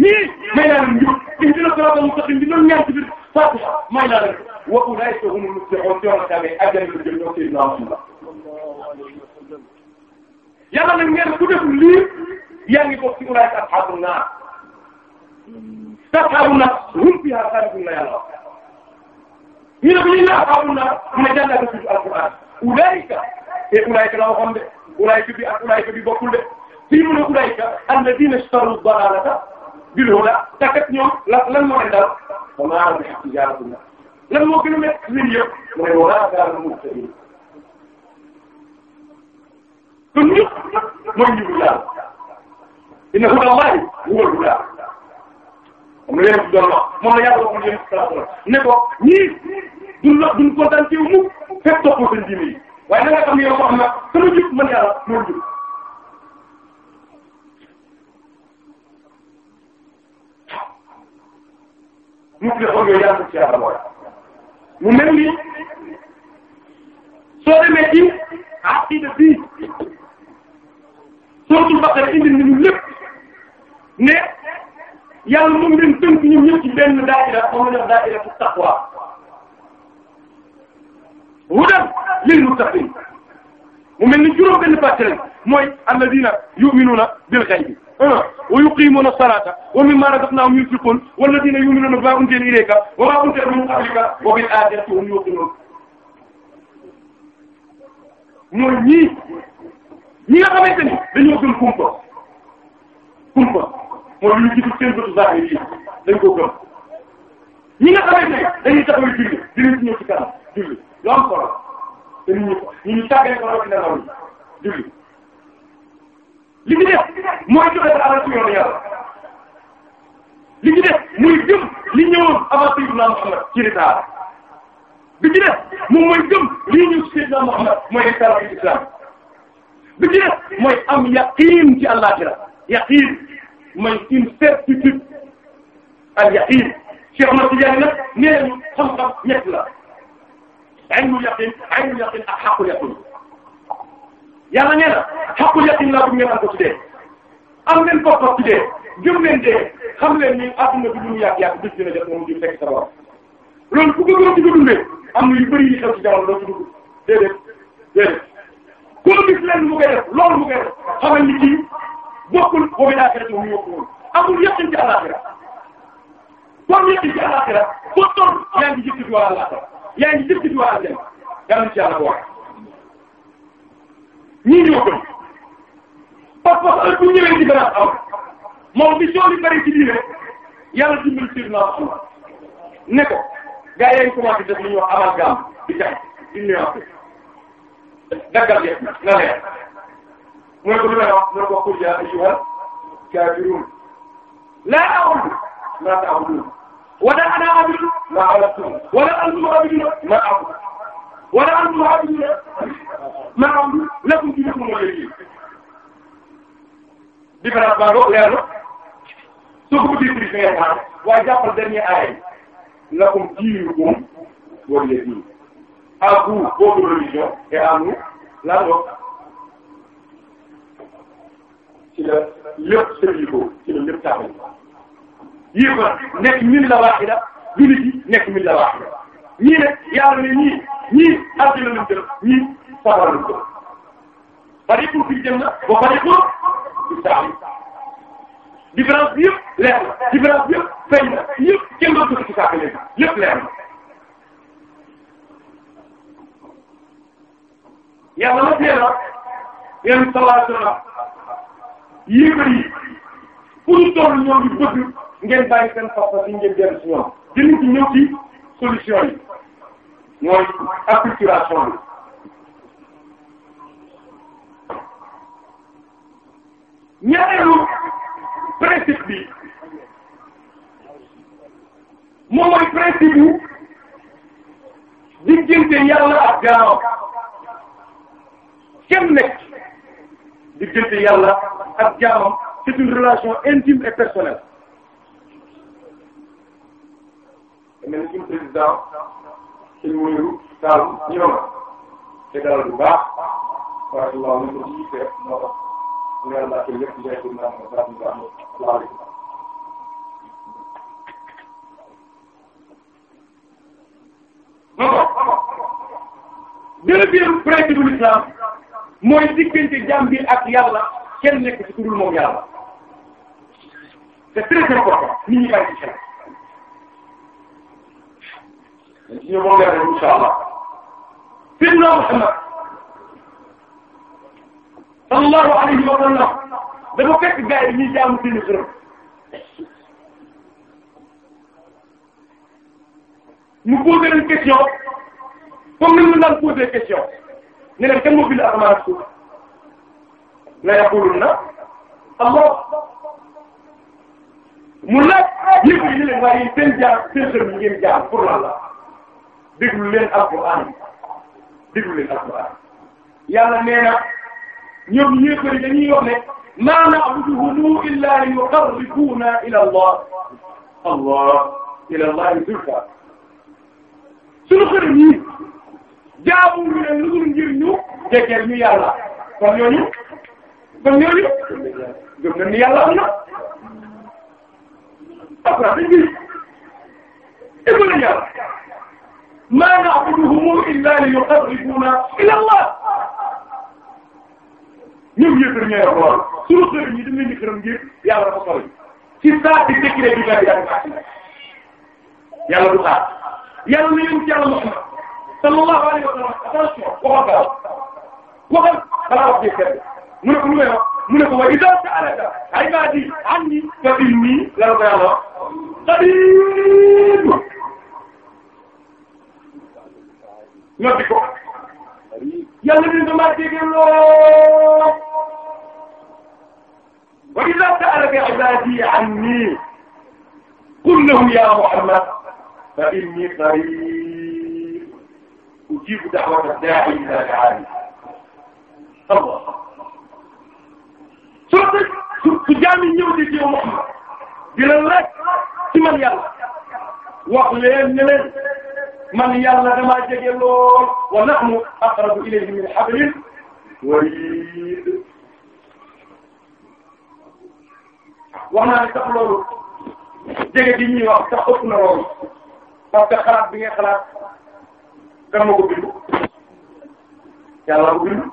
ñii may naa leen njub ihdina siraatal mustaqiim di doon ñaan ci biir Faatiha may naa leen wa ulaayika humul muflihuun ci yoonu tamit àjjana bi jëm ñoo Seydina Muhammad yàlla nag nee na ku deful lii yaa ngi bokk ci ulaayika ashaabun naar ashaabun naar hum fiihaa xaaliduun la yàlla wax ñu ne ko ñu ne ashaabun mu ne jàngal ko ci alquran ulaayika te ulaayka la waxoon de ulaayka bi ak ulaayka bi bokkul de fii mu ne ulaayka alladina ishtaru dalalata bil huda takat ñoom la lan moo leen dal ba maa ngi xam jaaraatuma lan moo gën a métti mbir yëpp mu ne wala gaal mu tëddee. kon ñëpp mooy njublu daal inna hudallahi huwal huda am na yeneen doon wax moom la yàlla waxoon yéen si ne ko ñii duñ la duñ kontaan ci wu mu fekk toppoo seen diine yi. waaye na nga xam ne yow xam na sama jub mën yàlla moo jub mu tudd xool yooyu yàlla ci yàlla mooy mu mel ni soo demee ci aqida bi suratul Baqara indi nañu lépp ne yàlla moom leen tënk ñoom ñëpp ci benn daayira moom la ñuy wax daayira taqwa hudan lil muttaqin mu mel ni juróom benn pàcc lañ mooy alladina yuminuuna bil ghaybi ah, wa yuqimuuna salata wa mimma razaqnahum yunfiqun walladina yuminuuna bima unzila ilayka wa ma unzila min qablika wa bil akhirati hum yuqinuun mooy ñii ñi nga xamante ni dañoo gëm kumpa kumpa mooy lu ñu gisul seen bëtu zahir yi dañ ko gëm ñi nga xamante ni dañuy taxaw julli dinañ ci ñëw ci kanam julli lu am solo te nit ñi nit ñi tàggee ko rawatina ndaw ñi julli li ci mooy joxe sa alal ci yoonu yàlla li ci def muy gëm li ñëwoon avant Sayyidina Muhammad ci risaala bi ci def moom mooy gëm lii ñu Sayyidina Muhammad mooy risaala ci islam bi ci def mooy am yaqiin ci àllaxira yaqiin mooy une certitude al yaqiin Cheikh Ahmad Tidiane nag nee la. aynul yaqin aynul yaqin ak xaqul yaqin yàlla nee na xaqul yaqin laa bëgg ngeen am ko ci dee am leen boppam ci dee gëm leen dee xam leen ni adduna bi lu mu yàgg yàgg bis dina jot moom di fekk sa borom loolu ku gëgëroon di ko dundee am na yu bëri yi xew ci jamono doo ci dugg déedéet déedéet ku gis leen mu koy def loolu mu koy def xamal ni kii bokkul boobu daa xeetu mu yokku woon amul yaqin ci àllaxira boo yaqin ci àllaxira boo toll yaa ngi jëkkati wala àllaxira yaa ngi jëkkëj waa ANACIM yàlla na ci yàlla boole ñii ñoo gën parce que heure bu ñëwee différence am moom bi soo li bari ci diine yàlla dimbali ci biir ne ko gars yaa ngi commencé def lu ñuy wax amalgame di jaay di nuance daggal jeex na nga leer mooy ko lu may wax mooy ko wax pour yaa ayyuhal kaafiruun laa a'budu maa ta'buduun ولا أنا عبد ما عبدتم ولا أنتم عبدون ما أعبد ولا أنتم عبدون ما أعبد لكم دينكم ولي دين di ko daal baal leer na soo ko bëggee firi fi ngay xaar waaye jàppal dernier aay lakum diinukum waliya diin à vous votre religion et à nous la nôtre ci la lépp sëriñ ko ci la lépp taaxal yéefar nekk milla waaxida jullit yi nekk milla waaxida ñii nag yàlla ne ñii ñii aljana lañ jëm ñii safara lañ jëm fariqun fi janna wa fariqun fi sa'ir différence bi yëpp leer na différence bi yëpp feeñ na yëpp kenn doon dugg ci saako léegi yëpp leer na. yàlla na teel a yéen sallallahu alayhi wa sallam yéefar yi pour ñu toll ñoom ñu bëgg. ngeen bàyyi seen xarala yi ngeen dellu si ñoom dinañ ci ñëw ci solution yi mooy acculturation bi. ñaareelu principe bi moom mooy principe yu diggante yàlla ak jaamam kenn nekk diggante yàlla ak jaamam c'est une relation intime et personnelle. mel ni suñu président sëñ Mourou Saloum ñu ne ma te dalal bu baax waaye suñu waaw ñu ko ci fee moo tax ñu ne la laajte lépp jaay ko naan nga baax nga am salaamaaleykum. ma ko deuxième principe de l'islam mooy diggante jaam bi ak yàlla kenn nekk ci ku dul moom yàlla c'est très important nit ñi bàyyi ci xel. dañ ci ñëw ba mu defee incha Muhammad sallallahu alayhi wa sallam dafa fekk gars yi ñuy jaamu seeni xërëm mu posé leen question comme ni mu daan posé question ne leen kan moo bind asamaan ak suuf la Allah mu laaj yëpp yi leen waaye seen jaar seen xërëm yi ngeen jaar pour lan la. déglu leen alquran déglu leen alquran yàlla nee na ñoom yéefari dañuy wax ne ma na'buduhum illa ila allah allah ila allah zulfa suñu xërëm yi jaamu ñu leen lu dul ngir ñu jekkeel ñu yàlla kon ñooñu kon ñooñu gëm na ni yàlla am ما نعبدهم إلا ليقربونا إلى الله ñoom yëpp ñooy wax lool suñu xër ñi dañ leen di xëram ngir yàlla dafa sori ci saa di décret bi nga yàlla xaar yàlla du xaar yàlla na yéen ci yàlla Muhammad sallallahu alayhi wa sallam attention waxal gaaw waxal balaa wax jëkkër mu ne ko lu may wax mu ne ko wa idaa sa'alaka ibaadi anni fa innii la ko yàlla wax ñoo di ko yàlla ni damaa dégg loo wa iza sa'alaka ibadi anni qul lahum ya muhammad fa inni qarib ujibu da'wata da'i idha da'ani Allah su jaami ñëw di ci yow muhammad di la laaj ci man yàlla wax leen ne leen man yàlla damaa jege lool wa nahnu aqrabu ilayhi min hablil warid wax naa ne sax loolu jege gi ñuy wax sax ëpp na loolu parce que xalaat bi nga xalaat kan ma ko bindu yàlla ko bindu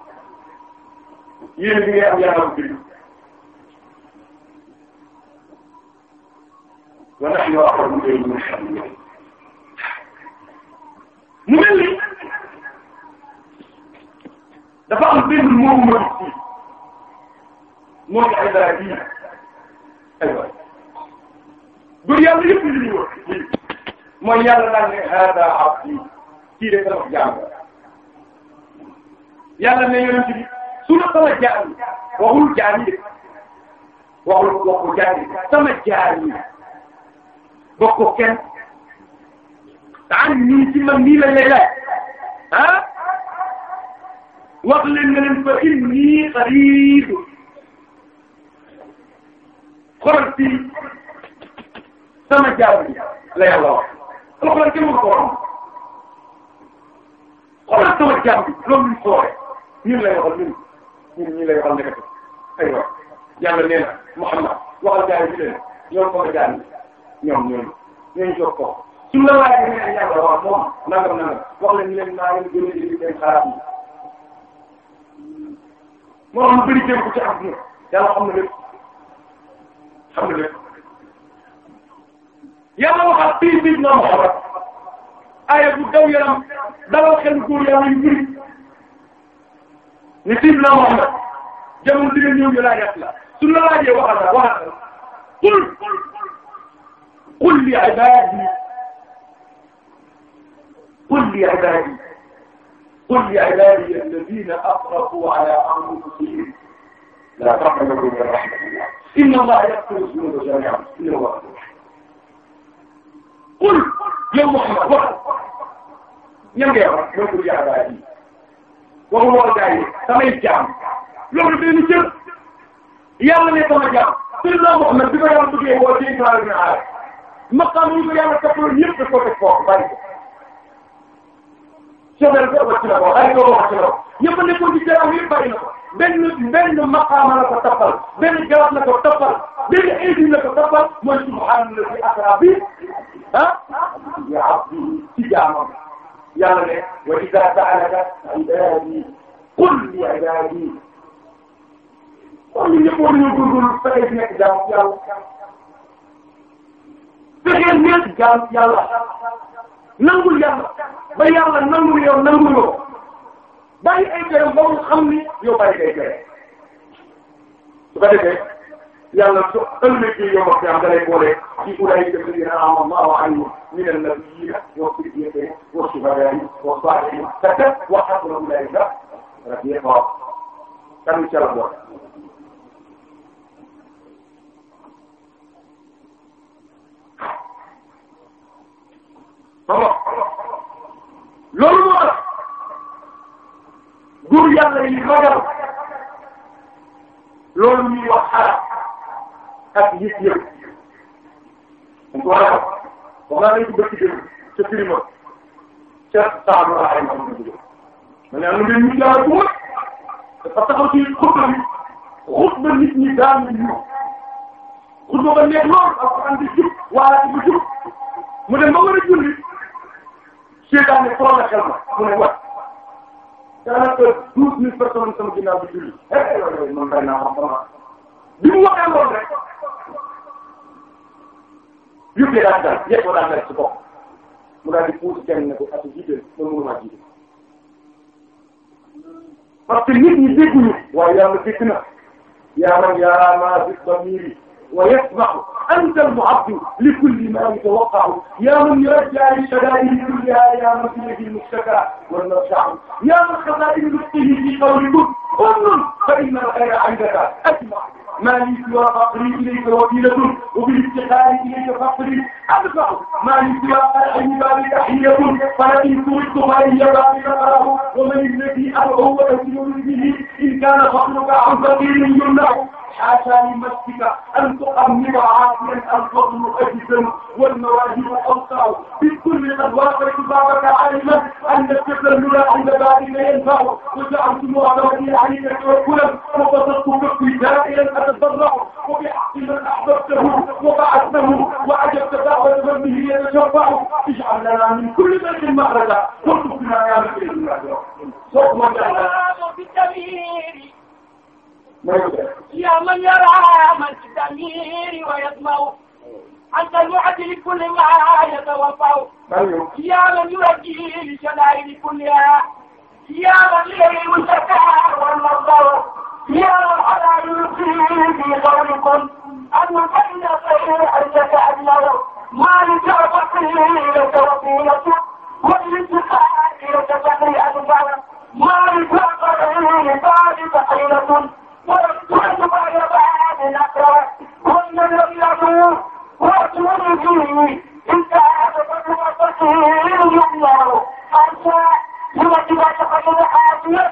yéen bi ngay am yàlla ko bindu min hablil mu mel ni dafa am benn moomu mooy kii mooy ay dara kii aywa góor yàlla yëpp li ñu wax mooy yàlla daal ne hada abdi kii de sama jaam yàlla ne yonent bi su la sama jaam waxul jaam de waxul waxul jaam sama jaam bokk ko kenn. ah nii ci man nii lañ lay def ah wax leen nga leen fa inni qarib xoolal ci sama jaww ji la yàlla wax xoolal kenn ku ko waroon xoolal sama jaww ji loolu ñu sooree ñun lay waxal ñun ñun ñu lay waxal ndekete aywa yàlla nee na Muhammad waxal jaay bi leen ñoom sama jaay ñoom ñoom ñooñu jox ko. suñ la laajee nga ne yàlla waaw moom nangam nangam wax leen leen maa ngi leen gën a jënd seen xalaat yi. moo am lu bëri jéem ko ci am ñun yàlla xam na lépp xam na lépp yàlla waxal bii bii dina am xoolal aaya bu daw yaram dalal xel góor yàlla yu bëri ni tiim naa Muhammad jamono di nga ñëw ñu laajat la suñ la laajee waxal la waxal la qul qul li ibaadi قل لعبادي قل لعبادي الذين أسرفوا على أنفسهم لا تقنطوا من رحمة الله إن الله يغفر الذنوب جميعا إنه هو قل يا محمد وقل ñange wax loolu yaa daa ji waxu woo gaa yi samay jaam loolu benn cër yàlla ne sama jaam Seydina Muhammad bi ko yàlla bëggee woo ci Ibrahima aar maqaam yi ko yàlla toppaloo ñëpp daf ko teg foofu bàyyi ko semaine bi wàcc na ko ay doom wàcc na ko ñëpp nekkoon ci jaraw yëpp bari na ko benn benn maqaama la ko toppal benn jawab la ko toppal benn aidi la ko toppal mooy subhaanallahi asraa bi ah bi abdihi ci jaamam yàlla ne wa idaa sa'alaka ibaadi qul li ibaadi kon ñun ñëpp war nañoo góorgóorlu fexe di nekk jaam yàlla fexe nekk jaam yàlla nangul yàlla ba yàlla nangul yow nanguloo bàyyi ay teram ba mu xam ni su ko defee yàlla su ëllëgee yow wax yàlla da lay boole ci ulaa'ika allaziina an'ama Allahu alayhim mina nabiyyiina wa siddiyyiina wa shuhadaa'i wa saalihiin wa hasuna ulaa'ika rafiiqaa kan ci la boole xamoo loolu moo tax góor yi ragal loolu ñuy wax ak gis yëpp dañ ko war a xam wax naa lañ ko bëgg ci déglu ca ca Saalum Rahane am na dugub ma ne am na mbir mi jaarale bu wër dafa ci xutba bi xutba nit ñi daan nañ ñu xutba ba neex lool ak ko andi jub waala ci bu jub mu dem ba war a julli. seetaan ne xoolal xel ma mu ne waat daanaka douze mille personnes sama ginnaaw bi julli eh man day naa wax vraiment bi mu waxee loolu rek yëpp la daan dal yëpp la daan dal ci bopp mu daal di puus kenn ne ko at jiite ba mënuma jiite parce que nit ñi dégguñu waaye yàlla dégg na yaa man yaa maa gis ba miiri ويسمع أنت المعبد لكل ما يتوقع يا من يرجع للشدائد كلها يا من فيه المشتكى والمرجع يا من خزائن نفسه في قول كن فإن الخير عندك أجمع مالي سوى فقري إليك وكيلة وبالافتقار إليك فقري أدفع مالي سوى فرعي بابك حية فلئن سرقت فإن بابك فراه ومن الذي أدعو وأسلم به إن كان فقرك عن فقير يمنع حاشا لمسك أن تقمض عاقلا الفضل أجزم والمواهب أوسع في كل قد وافرت بابك عالما أن التسلل عند بابك ينفع وجعلت معاملتي عليك توكلا وبسطت كفي دائما تضرعوا وبحق من احببته وبعثته وعجبت دعوه من يتشفع اجعل لنا من كل ذنب مخرجا وارزقنا يا مكين صوت بالدمير يا من يرعى من الدمير ويطمع أنت المعدل كل ما يتوفى يا من يرجي لشدائد كلها يا من إليه المشكى والمرضى يرى العذاب يبديه في قولكم أن فإن صحيحا يتأمله ما لجعبته لتوفيته والانتقاء يتبقي أنفعه ما لجعبته بعد تحيلة ويكون بعد بعد أكره ومن لم يدور وأتوني فيه انتهى بقدر وصفه يمنعه أنت لما تبقى تقدر حاجية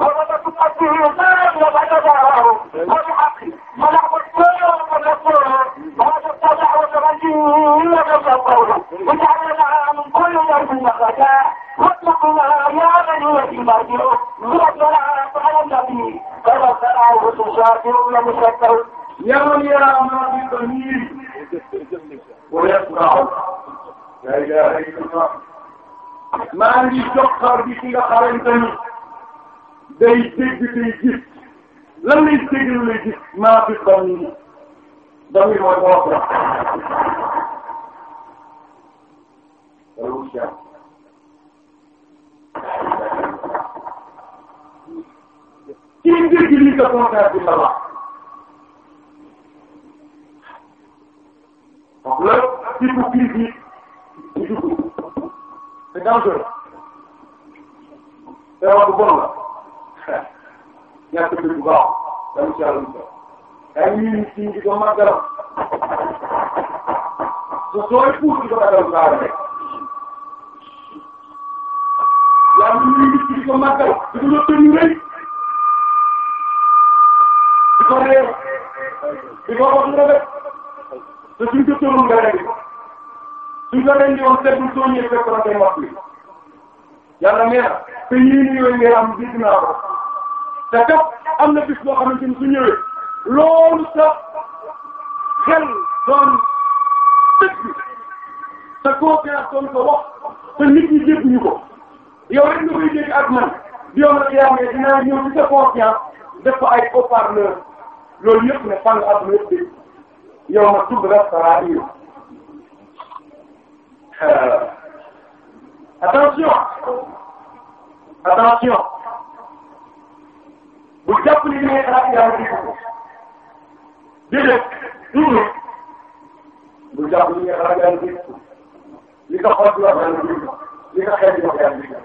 وَلَتُؤَدُّهُ مَا وَجَبَهُ وَبِحَقِّ فَلَعْبُدْ كُلُّهُ وَنَصُّرُهُ وَتَتَّبِعُ وَتَغَيِّهُ وَتَنْسَى قَوْلَهُ اجعل لها من كل ذنب مخرجا واتقوا لها يا بني يتيم ارجعوا واتقوا لها فعل النبي فلو سرعوا وتشاكر لمشكر يوم يرى ما في ضمير ويسمع لا اله الا الله ما عندي سكر بك لقرنتني day dégg day gis lan lay dégg lu lay gis maa fi ba mu ba muy mooy moo ko wax. kii dégg li nga kontaan bi la wax. donc loolu ci bu kii bi di dugg c'est dangereux. c'est bon la. ñàkk a dugg baax dama ci yàlla musal ay ñuy siñ di ko màggalam su sooy puus di ko màggalam saa rek yaa ngi ñuy di ko màggal di ko lëkkal ñu rëy di ko réer di ko wax lu rafet te suñ ko tëral nga rendi suñ ko rendi woon seetlu soo ñëwee fekk na tey wax bi yàlla nee na te yéen yooyu ngay am gis naa ko. te kat am na bis boo xamante ni su ñëwee loolu sa xel doon tëgg sa conférence doon ko wax te yow rek nga koy dégg ak bi yow nag yaa ngi dinaa ñëw ci sa conférence def ko ay haut-parleur loolu yëpp ne fang àdduna yëpp dégg yow nag tudd restaurant yi euh, attention attention. bu jàpp ni li ngay xalaat yàlla gis ko déedéet toujours bu ni li ko li ko xool di wax ko li ko xeex di wax ko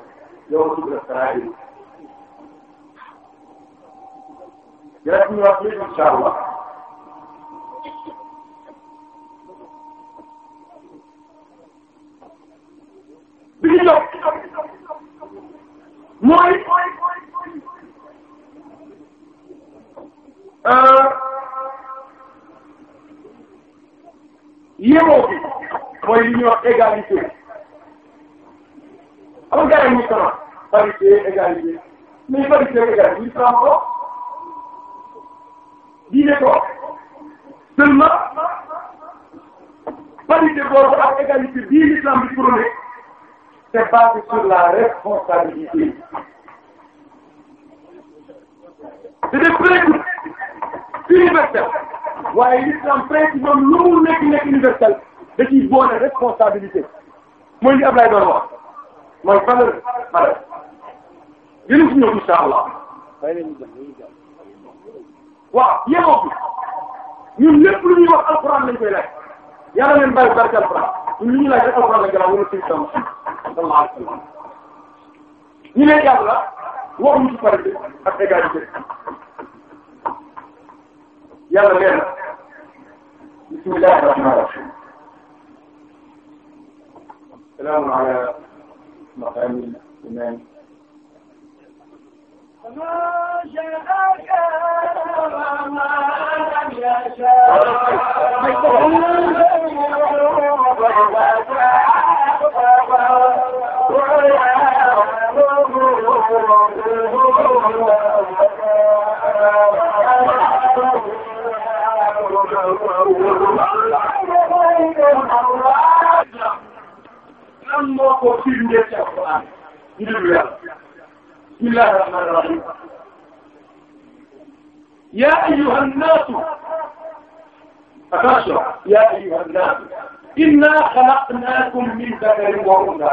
yow suuf la saa yi. jërëjëf ñu wax léegi incha allah Euh, yéemoo bi mooy li ñuy wax égalité xam nga gars yi ñu sama parité égalité mais parité égalité ñu sama ko diine ko seulement parité boobu ak égalité bii l'islam bi prôné c'est la responsabilité c'est des universel waaye l'islam principe am lu mu nekk nekk universel da ciy boole responsabilité mooy li Ablaye doon wax mooy valeur valeur dinañ si ñëw incha allah waaw yemoo bi ñun lépp lu ñuy wax alxuraan lañ koy laaj yàlla leen bàyyi barke alxuraan ñun li ñuy laaj rek alxuraan lañ koy laaj wala suñu sàmm sallallahu alayhi wasallam ñu ne yàlla waxuñu ci parité ak égalité yàlla benn bismillahi rahmaani rahim salaamun ala maqaamil imaam ما شاء كان وما لم يشاء moo ko firndeel ci alquran ñu déglu yàlla bismillahi rahmani rahim ya ayyuha annaasu attention ya ayyuha annaasu inna xalaqnaakum min dakarin wa unsa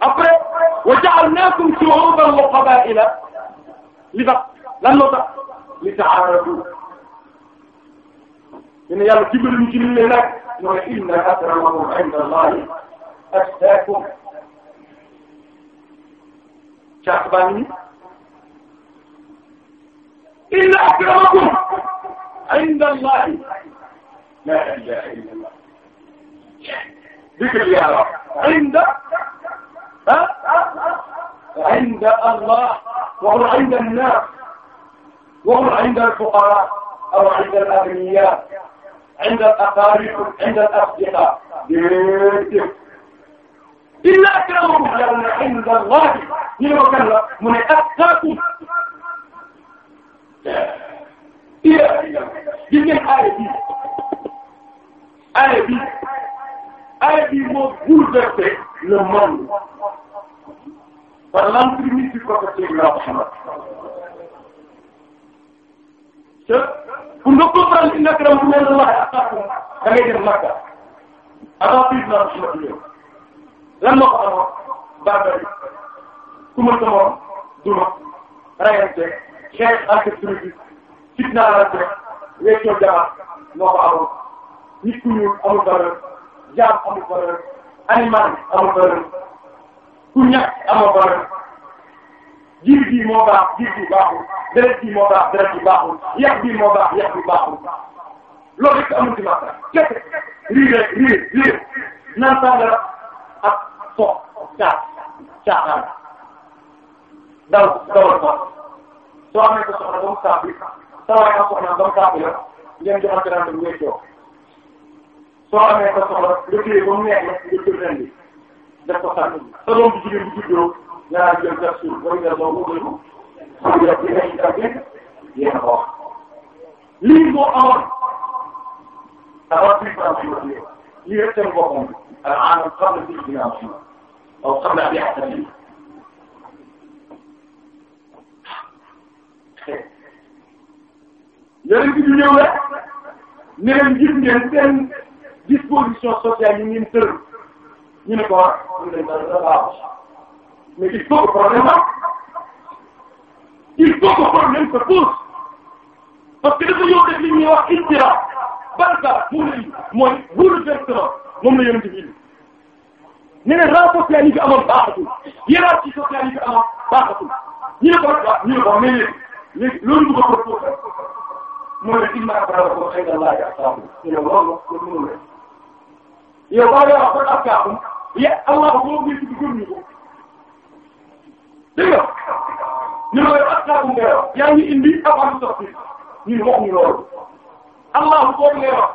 après wa ja'alnaakum shu'uban wa qabaa'ila li tax lan moo tax li ta'aarafu dina yàlla dimbali ñu ci li leen nag mooy inna akramakum inda allahi atqaakum càq baa ngi nii inna akramakum inda allahi la ilaha illa allah dikr yàlla inda ah inda allah waxul inda annaas waxul inda alfuqara aw inda al-aghniyaa عند الأقارب عند الأصدقاء la mu ne attaqu gis ngeen aaya bi bi aaya bi moo bouleversé le monde par l'entremise du prophète Muhammad te pour nga comprendre ci nekk dama mel ne Makka da ngay dem Makka avant plus de la lan moo ko amoon barbari ku ma demoon duma rayante xeex entreprise bi fitna la rek weesoo jabar moo ko amoon nit ku ñuul amul valeur jaam amul valeur animal amul valeur ku ñàkk amul valeur jiw bii moo baax jiw bi baaxul deret bii moo baax deret bi baaxul yàq bii moo baax yàq bi baaxul loolu rek amul ci maanaam képp lii rek lii lii naan sangara ak sox caa caaxaan daw dawal soxla soo amee ko soxla ba mu saabu saa waay ma soxla ba mu saabu la ngeen jox ak rendement bu ngeen jox soo amee ko soxla nga téye ba mu neex la nga jël ren bi def ko sànni sa doom bi jigéen bi juddoo ñaari jël def suuf bëri na loo wóoleelu suuf def li ngay tàggat yéen a ko wax lii moo amoon avant plus de am lii rek seen boppam al aana qabla fii dina am suuf aw qabla an yaxtam lii yeneen bi ñu ñëw rek ne leen gis ngeen seen disposition sociale yi ngeen tër ñu ne ko wax ñu ne ko dafa baax mais il faut que problème am il faut que problème se pose parce que dafa yow def li ñuy wax istira barka buuri mooy bouleversement moom la yonent bi ne ne rang social yi fi amoon baaxatul hiérarchie sociale yi fi amoon baaxatul ñu ne ko waaw ñu ne ko mais léegi loolu du ko proposé mooy le inna akramakum inda Allahi atqakum ñu ne loolu loolu mënul yow baa ngi wax ba askan wi ya Allah boo gis gëm ñu ko. dégg nga ñu ne ak saabu ngay wax yaa ngi indi avant soxna ñun waxuñu loolu. allahu boobu ngay wax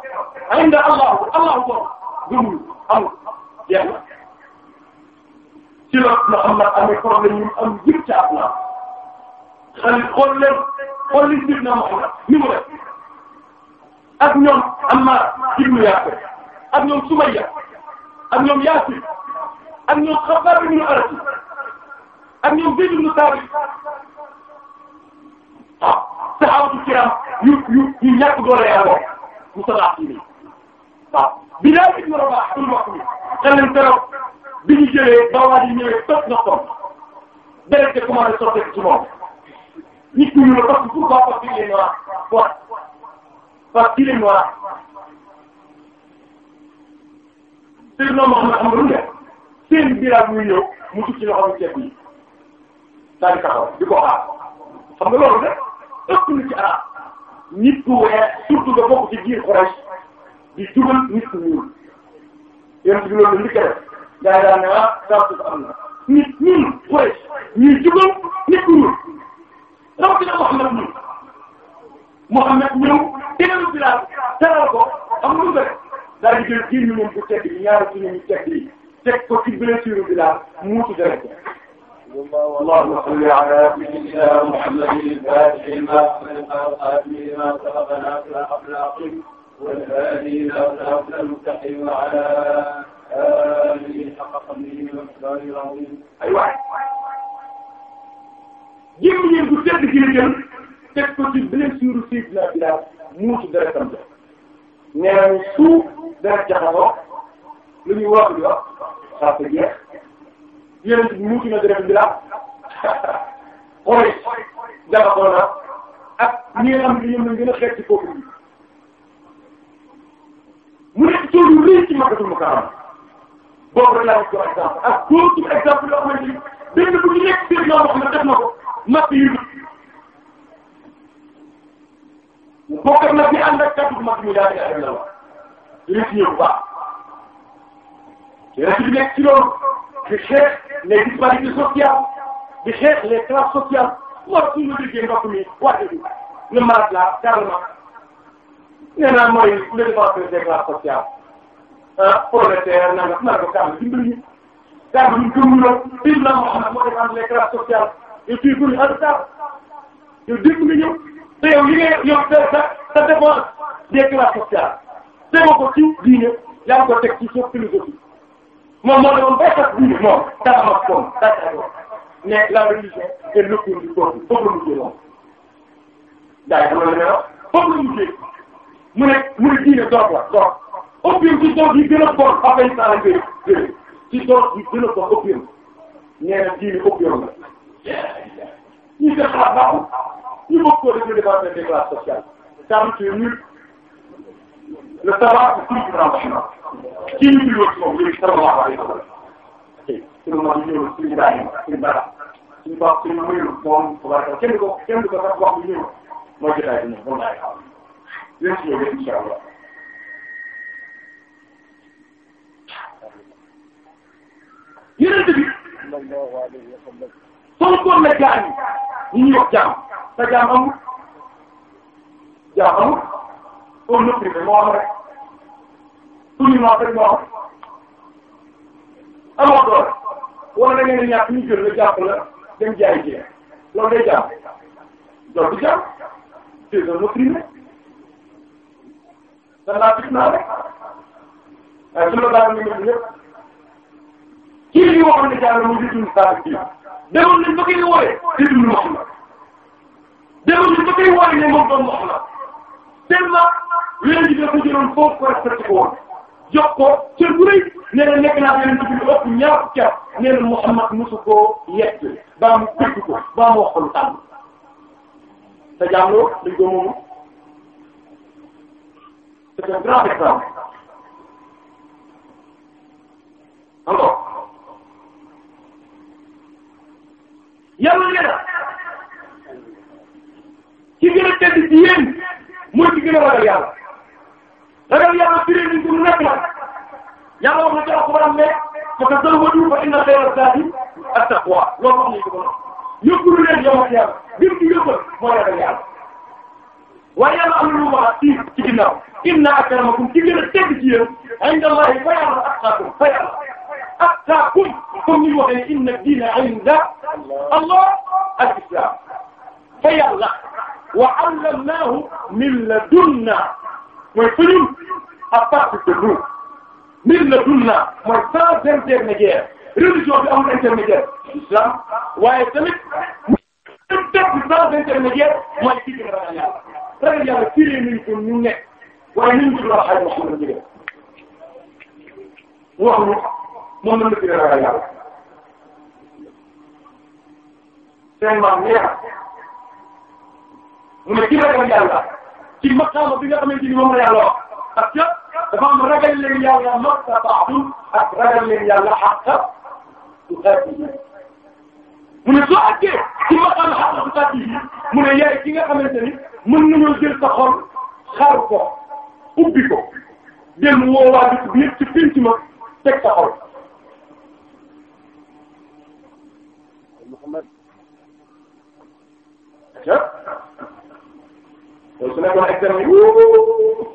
ay nga ci la nga xam naa am yëpp ca Afla xale xool leen xool li ni mu def ak ñoom Ammar ibnu Yaasir ak ñoom Sumayya ak ñoom Yaasir ak ñoom Xabbaab ibnu ak ñoom Zayd ibn Thabit waaw ah, saxaabatu kiram yu yu yu ñàkk doole yaa bokk mu saxaat yi waaw ah, Bilaal ibn Rabaah suñu mbokk mi xel leen keroog bi ñu jëlee ba waa ji ñëwee toog na ko deret de ku ñu la parce que pourquoi parce qu'il est noir quoi parce qu'il est noir seen noonu ma xam daal di taxaw di ko xaar xam nga loolu nag ëpp na ci arab nit ku weex surtout nga bokk ci biir Quraysh di dugal nit ku ñuul yéen ci loolu li ko def gars yi daal ne ah gàttu am na nit ñun Quraysh ñuy dugal nit ku ñuul rawatina Muhammad ñun Muhammad ñëw tegalu village teral ko am lu bëri daal di jël kii ñu moom bu teg bi ñaari suñu ñu teg bi اللهم صل على سيدنا محمد الفاتح لما أغلق القادم ما سبق ناصر أخلاقه والهادي إلى صراط المستقيم وعلى آله حق قدره ومقداره العظيم. ay waay yéen ñëpp bu tedd gi la jël teg ko ci blessure Seydina Bilaal muutu deretam ja nee nañ su deret jaxasoo lu ñuy wax li wax saa ko jeex. yéen muuti na dërëm bi la xooli jaxasoo naa ak ñi nga xam ne ñoom lañ gën a xeet ci foofu bi mu nekk coono yu rëy ci Makkatul Mukarrama boobu rek laa ko jox exemple ak boobu ci exemple yoo xamante ni benn bu ñu nekk biir ñoom wax na def na ko natt yu bëgg bokk na ci ànd ak kàddu bu mag mi daal di ànd la wax dinañ ci ñëw bu baax te rek bi nekk ci loolu di xeex. les disparités sociales di xeex les classes sociales war suñu liggéey mbokk mi wàcce bi le malade là carrément nee naa mooy le défenseur des classes sociales ah prolétaire naa nga naa ko kàmm dimbali ñu kàmm ñu gëm la fii naa moo xam ne moo défendre les classes sociales et puis pour ñu en retard yow dégg nga ñëw te yow li ngay yow sa sa sa défense des classes sociales tegoo ko ci diine yaa ngi ko teg ci sa philosophie moom moo demoon ba sax biir moom dara ma koom dara ma koom mais la religion est le cours du peuple foofu la mujjee moom. daa yëg loolu la wax foofu la mujjee mu ne mu ne diine door la door opium ci door yi gën a bon Afghanistan lañ koy jëlee ci door yi gën a bon opium nee na diine opium la ñu seen xalaat baaxul ñu bëgg koo def ñu dépenser des classes sociales. ça veut dire le savoir est plus grand kii ñu ngi wër moom léegi sallallahu alayhi wa sallam tey suñu maam ñu ñëw suñu Ibrahima suñu Bala suñu baax suñu mënu moom tabaraka kenn ko kenn ko sax wax ñu ñëw mooy jotaay bi moom laay xam yéen si yéen incha allah. yeneen bi soo ko na jaam yi ñu ñuy wax jaam te jaam amul jaam amul soo nëb bi moo am rek. tuuti moo rek moo am amoo doole wala da ngeen di ñàkk ñu jël la jàpp la dem jaay jéem loolu day jàpp jot du jàpp dégg nga ma primé da laa gis naa rek waaye su la daal ñu ngi ñëpp kii bi waxoon ne jàll mu di dund saa kii demoon nañ ba koy wooyee di dund wax na demoon nañ ba koy wooyee ne moom doon wax na tellement léegi dafa jëloon foofu ko respecté ko woon jox ko cër bu rëy nekk naa benn dugub bi ëpp ñaar cër nee na Muhammad musu koo yett baa mu tëgg ko baa mu wax lu tànn te jàmlo dañ ko moomu c'est grand exemple alors yàlla nee ci gën a tedd ci yéen mooy ci gën a ragal yàlla ragal yàlla firé ni mu nekk la yàlla wax na ci alxuraan ne fa tazawwadu fa inna xayra zaadi at-taqwa loolu wax nañu ko noonu yóbbu leen yow ak yàlla lim ci yóbbal mooy ragal yàlla waaye yàlla am na lu ma ci ci ginnaaw inna akramakum ci gën a tedd ci yéen inda Allahi fa yàlla atqaakum fa yàlla atqaakum comme ni mu waxee inna diina inda Allah al-islam fa yàlla wa allamnaahu min ladunna mooy fëñul à partir de nous mbir la dund na mooy sans intermédiaire religion bi amul intermédiaire islam waaye tamit même dëkk sans intermédiaire mooy kii bi nga ragal yàlla ragal yàlla fii la ñu ko ñu nekk waaye ñu ngi tudd wax aywa xam nga wax ñu moom la ñu tuddee ragal yàlla. seen maam neex mu ne kii ragal yàlla. ci maqaama bi nga xamante ni moom la yàlla wax parce que dafa ragal leen yàlla mastata'tum ak ragal leen yàlla haqqa tuqaatihi mu ne soo àggee ci maqaama haqqa tuqaatihi mu ne yaay ki nga xamante ni mën nañoo jël sa xol xaar ko ubbi ko dem woowaa bi bi ñëpp ci pénc ma teg sa xol. Muhammad su nekkoon examen yi wuu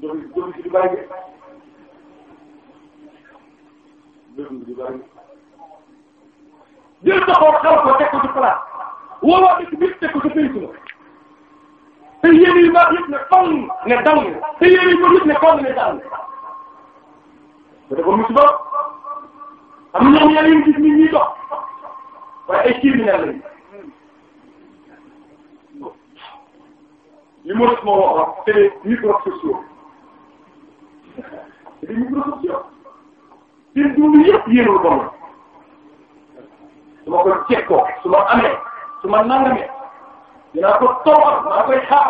doxul doxul ci di bari bi doxul di bari bi jël taxaw xel ko teg ko ci place woowoo dëkk bi teg ko ci pénc la te yéen yu baax yëpp ne fang ne daw na te yéen yu bon yëpp ne fang ne daw na te dafa musiba am ñoom yàlla yu gis nit ñi dox waaye ay criminel lañu li ma doon wax la c'est les microbes sociaux c'est les microbes sociaux te dundu yëpp yéen a bon ma ko ceeb ko su ma amee su ma nangamee dinaa ko toogal maa koy xaar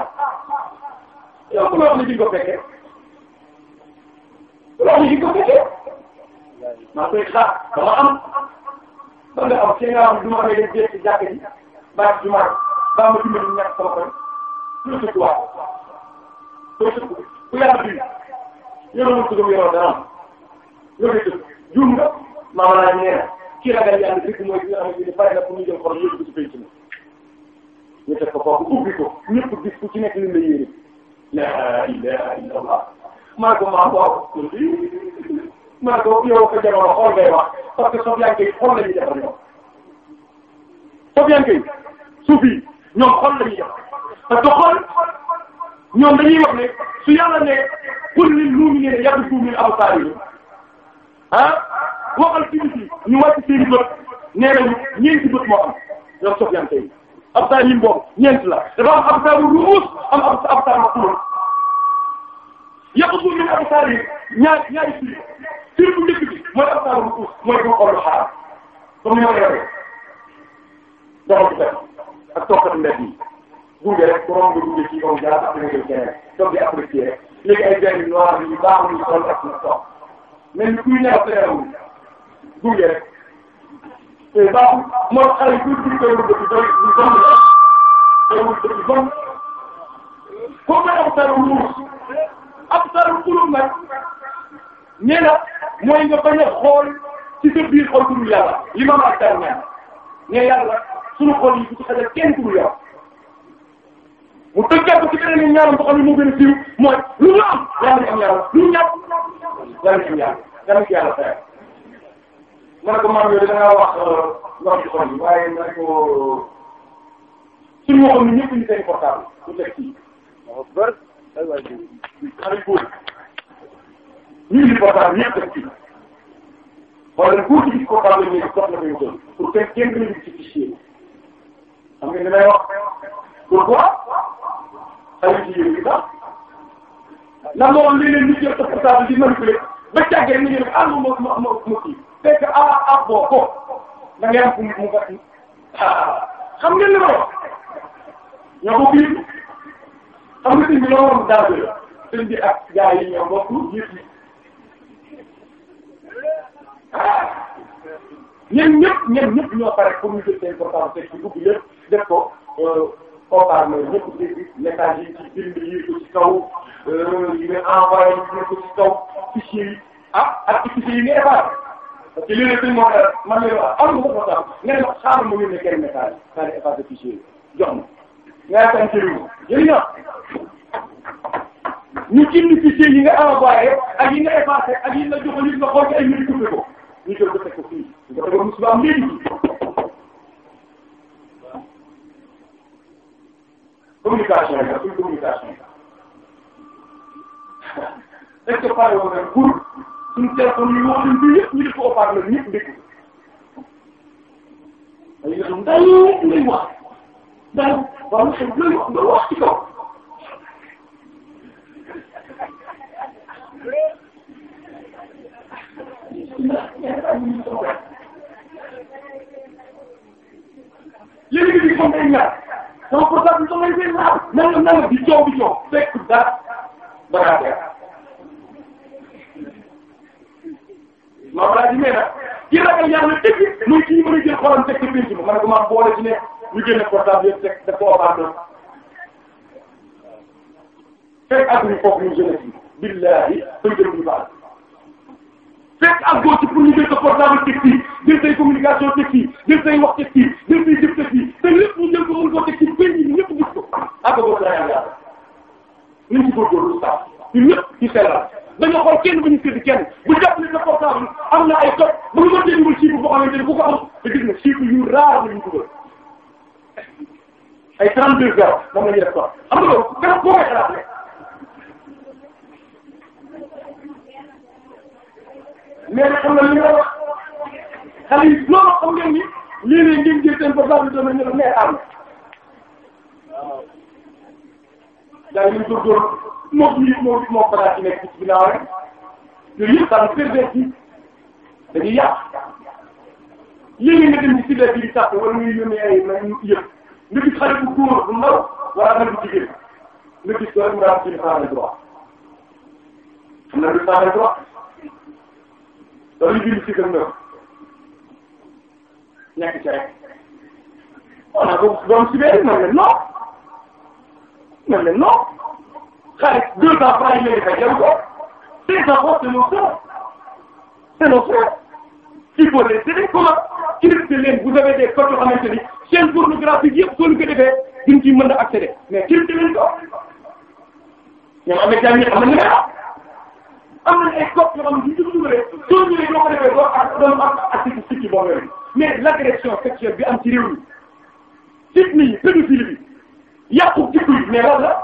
yow ku la wax ne di nga ko fekkee ku la wax ne di nga ko fekkee maa koy xaar dama am ba nga am si nga am du ma toujours waaw toujours ku yaram bi yoroon dugub yoroon dana am yoroon dugub juum nga maama laa nee na kii ragal yàlla dëgg mooy ki nga xamante ni bari na pour ñu jël xorom yóbbu ko ci penc mi ñu teg ko foofu ubbi ko ñëpp gis ku ci nekk lim la yéene la ilaha illallah maa ko maa ko maa ko yow ko jamono xool ngay wax parce que sofiyanke yi xool la ñuy defar ñoom sofiyanke yi suuf yi ñoom xool la ñuy defar parce que xool ñoom dañuy wax ne su yàlla ne qul lil mu'minina yaghuddu min absarihim ah waxal ci nit yi ñu wàcc seen bët nee nañu ñeenti bët moo am ñoom Sufyaan tey absar yi boobu ñeent la dafa am absaru ru'us am absar maqlub yaghuddu min absarihim ñaar ñaari firi firi bu njëkk bi mooy absaru ru'us mooy bu xol xaar comme ni ma ko waxee doxal ci ak toog kat mbedd yi. gunge rek borom nga gunge ci kaw jaar après nga jël keneen toog di apprécier rek léegi ay benn noir yu baaxul yu sol ak na toog mais ni kuy neex teewul gunge rek te baaxul moo xale yu tuuti koy wut dëkk doy du bon la koy wut dëkk bon comme nag ab saru ruus ab saru xulum nag nee na mooy nga bañ a xool ci sa biir xol turu yàlla li ma ma ak saru nee na ne yàlla sunu xol yi bu ci xasee kenn turu yàlla mu tëjee ko ci beneen ñaaram boo xam ne moo gën a siiw mooy lu ñu am yàlla ci am yàlla lu ñu ñàkk yàlla ci am yàlla yàlla ci yàlla xayma. ma ne ko maam yooyu da ngaa wax lor euh, ci xol bi waaye ma ne ko suñu ni ñëpp ñu seen portable ñu teg ci. waaw bër aywa jiw xale góor ñu ngi portable ñëpp teg ci. wala ku ci portable yi ñu jox la ko ñu pour a ci fichier xam pourquoi ay jigéen ñi sax ndax moo am léeg-léeg nit yor sa portable di manipuler ba càggee nga jël àll ma ma ma ma kii fekk ah ah, ah boo ko da ngay am fu mu mu ah, xam ngeen li ma wax ñoo ko kii xam nga sëñ bi loo waroon danger sëñ bi ak gars yi ñoo bokk ah. ñëpp ñen ñëpp ñen ñëpp ñoo pare pour ñu jël seen portable fekk ci dugg lépp def ko. Euh, koppar mooy ñëpp dégg message yi ci bind yi ko ci kaw yi nga envoyé yi ko ci kaw fichier yi ah ak fichier yi nga defar parce que léeg-léeg suñu moo tax man la wax am nga ko tax nga ne ma xaaral ma yónnee kenn message daa di effacé fichier yi jox ma nga yaakaar njëriñoo jëriñoo ñu jënd fichier yi nga envoyé ak yi nga effacé ak yi nga joxoon yi nga xool ci ay minutes coupé ko ñu jël ko teg ko fii nga tegoon musiba am léegi communication yi la suñ communication yi la est-ce que pare woon nañ pour suñ téléphone yi woo nañ yëpp ñu def ko haut-parleur ñëpp dégg ay yéen a ngi ngay wax ndax waaw monsieur Ndiaye wax nga wax ci kaw. yéen a sama portable bi damay fay naaw nangam nangam di coow di coow fekk dara baraabe Maodo laa ji nee na ki ragal yàlla dëgg muy kii mën a jël xolam teg ci pénc ma man maa boole ci ne ñu génne portable yëpp teg def ko abandon fekk adduna foofu ñu jëlee fii billahi bëgg na lu baax. fekk ak góor ci pour ñu jël sa portable teg fii jël say communication teg fii jël say wax teg fii jël say jëf teg fii te lépp ñu jël ko mën koo teg fii benn yi ñëpp gis ko ak góor la yàlla nañ ci góorgóorlu sax ñun ñëpp ñu sellal dañoo xool kenn ba ñu sédd kenn bu jàppale sa portable am na ay topp ba nga mën déggul chiffre boo xamante ne bu ko am te gis nga chiffre yu rare la ñu dugal ay 32 heures moom la ñuy def quoi am nga loolu kenn koo koy xalaat rek nee na xam nga li nga wax xale yi loolu xam ngeen ni léeg-léeg ngeen jël seen portable doon nañu ne mais am na. yaa ngi doon doon moom bii moom moo ko daal di nekk ci ginnaaw rek yooyu yëpp daal perverti dañuy yàq léegi nga dem ci cyber bi di tàq wala muy yónnee ay nañu yëpp nga gis xale bu góor bu ndaw wala xale bu jigéen nga gis ko rek mu daal di ne saa droit xam na du saa droit. loolu biir si gën ñoom nekk ci rek voilà boobu doom si bee man leen non man leen non xaalis deux cent francs yi ngeen di fay jaru ko cinq cent francs c'est nos frères c'est nos frères il faut les aider comment critiquer leen vous avez des codes yoo xamante ni seen pornographique yëpp soo ko defee duñ ci mën a accéder mais critiquer leen ko ñoom am na jàmm yi xam nañ ne am na ay coop yoo xam ne ñu dugalee soo ñëwee doo ko defee doo am doo am article site yu mais l'agression sexuelle bi am ci réew mi fitna yi pédophilie bi yàqu jikko yi mais loolu la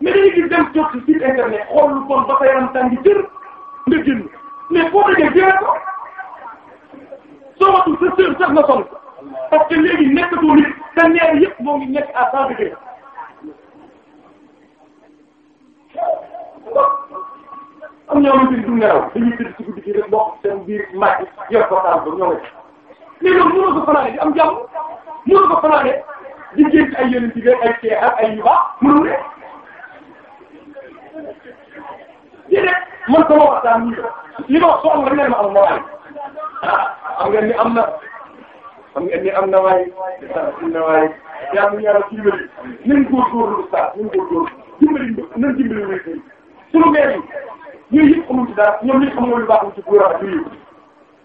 mais dañuy gis dem toog ci site internet xool lu bon ba sa yaram tàngi jër nga génn mais foo ko jël ko soo watul sa sœur sax nga sonn parce que léegi nekkatoo nit sa nerf yëpp moo ngi nekk à cent degré am ñoo xamante ni du nelaw dañuy tëdd ci guddi gi rek bokk seen biir màcc yor portable ba ñoo ngi ci mais loolu mënoo ko fanaane di am jàmm mënoo ko fanaane di gént ay yeneen ci biir ay teexal ay yu baax mënul ne. déedéet man sama waxtaan nii li ma wax soo am leen ma am na waay ah, xam ngeen ni am na xam ngeen ni am na waay am na waay yaa ngi ñaanal ci dimbali nañ góorgóorlu saa nañ góorgóorlu dimbali nañ dimbali wér-gu-suñu maire yi. yooyu yëpp xamuñ ci dara ñoom li xamul lu baaxul ci góor ak yooyu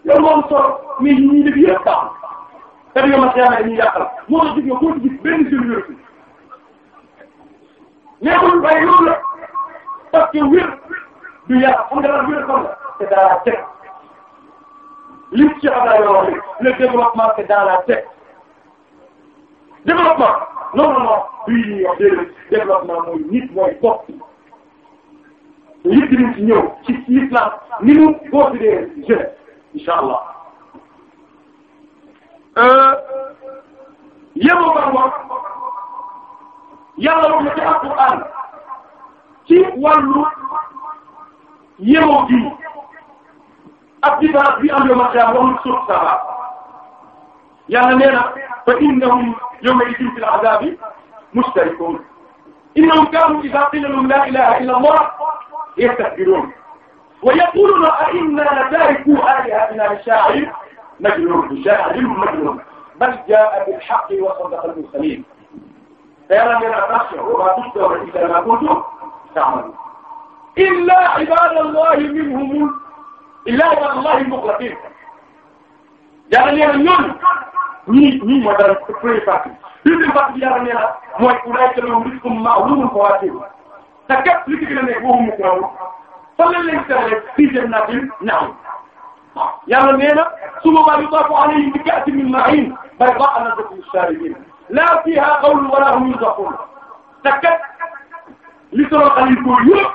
loolu moom solo mais ñi def yëpp baaxul te yow ma xiyana dañuy yàqal moo tax gis nga koo ci gis benn seen wér neexul waaye loolu la parce que wér du yàq xam nga daal wér xam la c'est dans la tête li ci Abdoulaye wax le développement c'est dans la tête développement non non non du ñuy wax déedéet développement mooy nit mooy bopp lépp dinañ ci ñëw ci l'islam ni mu considéré jeune incha allah euh, yéemo ban wax yàlla wax na ci alquran ci wàllu yéemo gi ak différence bi am yoma xiyaam waxul suuf saba yàlla nee na fa innahum yawma idin fil azabi mustarikun innahum kaanu idha qila lahum la ilaha illa allah يستكبرون ويقولون أئنا لتاركو آلهتنا لشاعر مجنون شاعر مجنون بل جاء بالحق وصدق المرسلين فيرى من الرشع وما تصدر إلا ما كنتم تعملون إلا عباد الله منهم إلا عباد الله المخلصين يعني ñoon ñi ñi moo dal premier parti deuxième parti bi yàlla nee na mooy ulaa'ika lahum rizqun ma'luum te képp li ci gën a nekk waxuñu ko woon fan lañ leen seqalee sixième naaf yi naaw yàlla nee na suba ba yutaafu alayhim bi ka'sin min ma'iin baydaa'aa lazzatan lish-shaaribiin laa fiihaa ghawlun wa laa hum yuzaafuun te kat li soxla xale yu bëri yëpp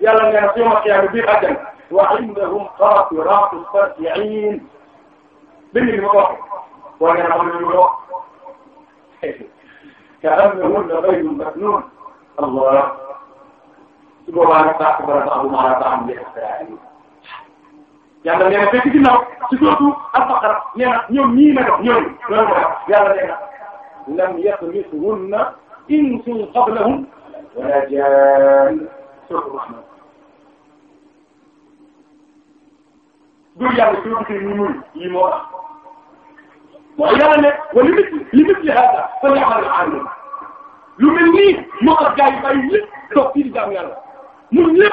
yàlla nee na yawmal qiyaama biir àjjana wa 'indahum qaasiraatu l-tarfi'iin dégg nga ma ko waxee. waaye nga xam ne lu dox ka'annahunna baydun maknuun Allah su boobaa nag saako ba la sax bu maanaam sax am njëkk ak saa yi. yàlla nee na fekk ginnaaw ci surtout al-Baqara nee na ñoom ñii na dox ñooñu loolu ko def yàlla nee na lam yatmithunna insun qablahum wala jaan surtout Rahman. góor yàlla soo gisee ñu ñuul yi moo tax. waaw yàlla ne wa li misli li misli hada falyamal aamilun lu mel nii moo tax gars yi bàyyi lépp toog fii di jaamu yàlla. ñun ñëpp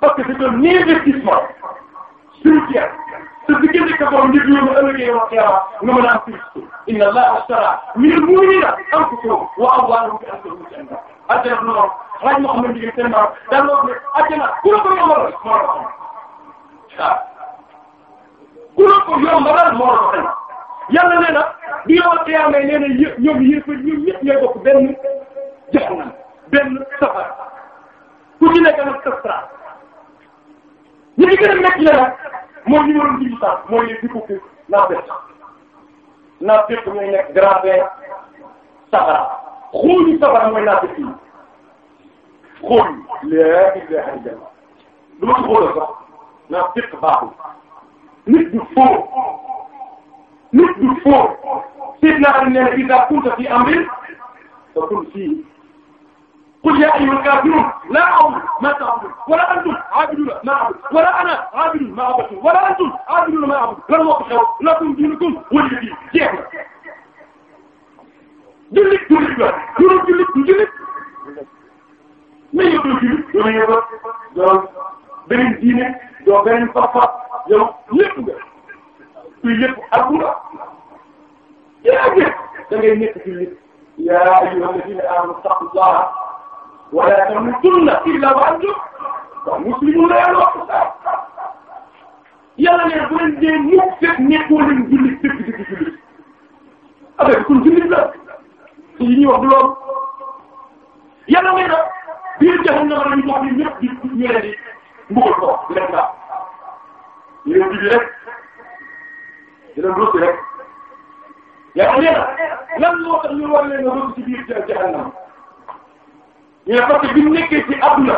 parce que c'est un investissement spirituel te diggante ko borom nit ñoom ëllëgee yow xiyaama nga mën a am fii inna allaha ashtara minal mu'minina anfusahum wa amwalahum bi anna lahumul janna àjjana du noonu laaj moo xam ne jigéen seen maam daal loo xam ne àjjana ku la ko yombalal moo la ko xañ ku la ko yombalal moo la ko xañ yàlla nee na bi yow xiyaama nee na ñoom yëpp ñoom ñëpp ñooy bokk benn jaxanam benn safara ku ci nekk nag këstara ñi ci gën a nekk la nag mooy ñu waroon ci lislam mooy les hypocrites naafeq naafeq ñooy nekk grand-père safara xóoñu safara mooy naafeq yi xóoñu laa ilaaha illallaah du ma ci xóolal sax naafeq baaxul nit nit du foo Seydina Ali nee na idaa kunta fii amrin fa kun fii قل يا أيها الكافرون لا أعبد ما تعبدون ولا أنتم عابدون ما أعبد ولا أنا عابد ما عبدتم ولا أنتم عابدون ما أعبد لكم وطنكم لكم دينكم ولي دين jeex na. jullit jullit la juróom jullit du jullit mais yow doo jullit doo yëngal doo beneen diine doo beneen fafa yow lépp nga kuy lépp alhamdulilah yaa ngi da ngay nekk jullit yaa ayyuha alladhina amanu taqullaha ولا تموتن إلا وأنتم مسلمون yàlla wax ko ne bu leen dee nit fekk nekkoo leen jullit dëgg dëgg jullit affaire bi kon jullit la te li ñuy wax du loolu yàlla ngay def biir jahannama la di ñu leen di mbugal ko di leen daal di di leen rëcc na lan moo tax ñu ne parce que bi mu nekkee ci adduna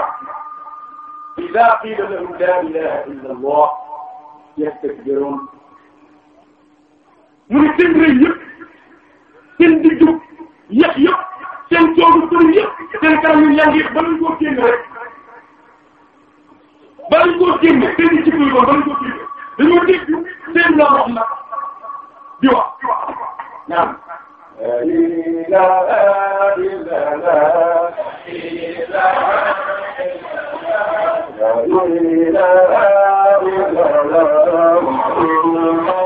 ida la ilaha illa allah yastakbiruun mu ne seen rëy yëpp seen dijjub yëpp yëpp seen coono turu yëpp seen kanam yu ñàng yëpp baluñ koo génn rek baluñ koo génn seen i jikko yu bon baluñ koo génn dañoo dégg seen la wax na di wax naam La ilaha illallah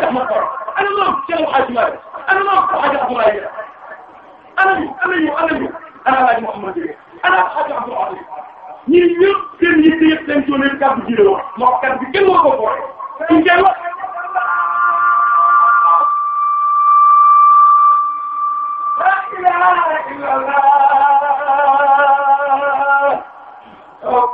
tax ma xool ana moom Cheikh Hadj Malick ana moom Hadj Abdoulaye ana ñu ana ñu ana ñu ana Hadj Mouhamad Dieng ana Hadj Abdoulaye ñun ñëpp seen yitte yëpp seen coono yëpp kàddu ji la wax moo kàddu bi kenn moo ko boole suñ koy wax. Oh,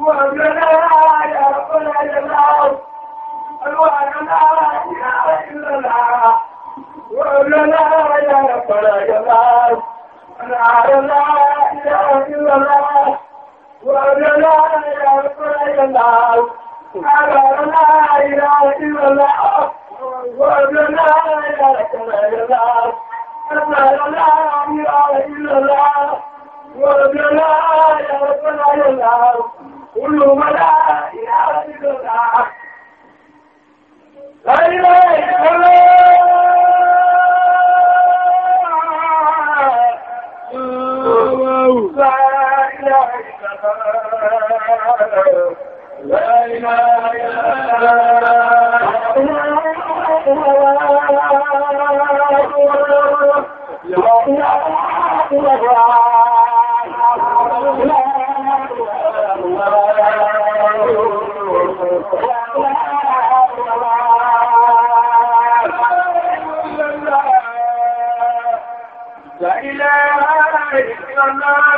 وابننا يا رب الجلال الوالنا يا إلنا وابننا يا رب الجلال نارنا يا إلنا وابننا يا رب الجلال نارنا يا إلنا وابننا يا رب الجلال نارنا يا إلنا وابننا يا رب الجلال كل ملا إلى الله لا إله إلا الله لا إله إلا الله لا إله إلا الله لا إله إلا الله الله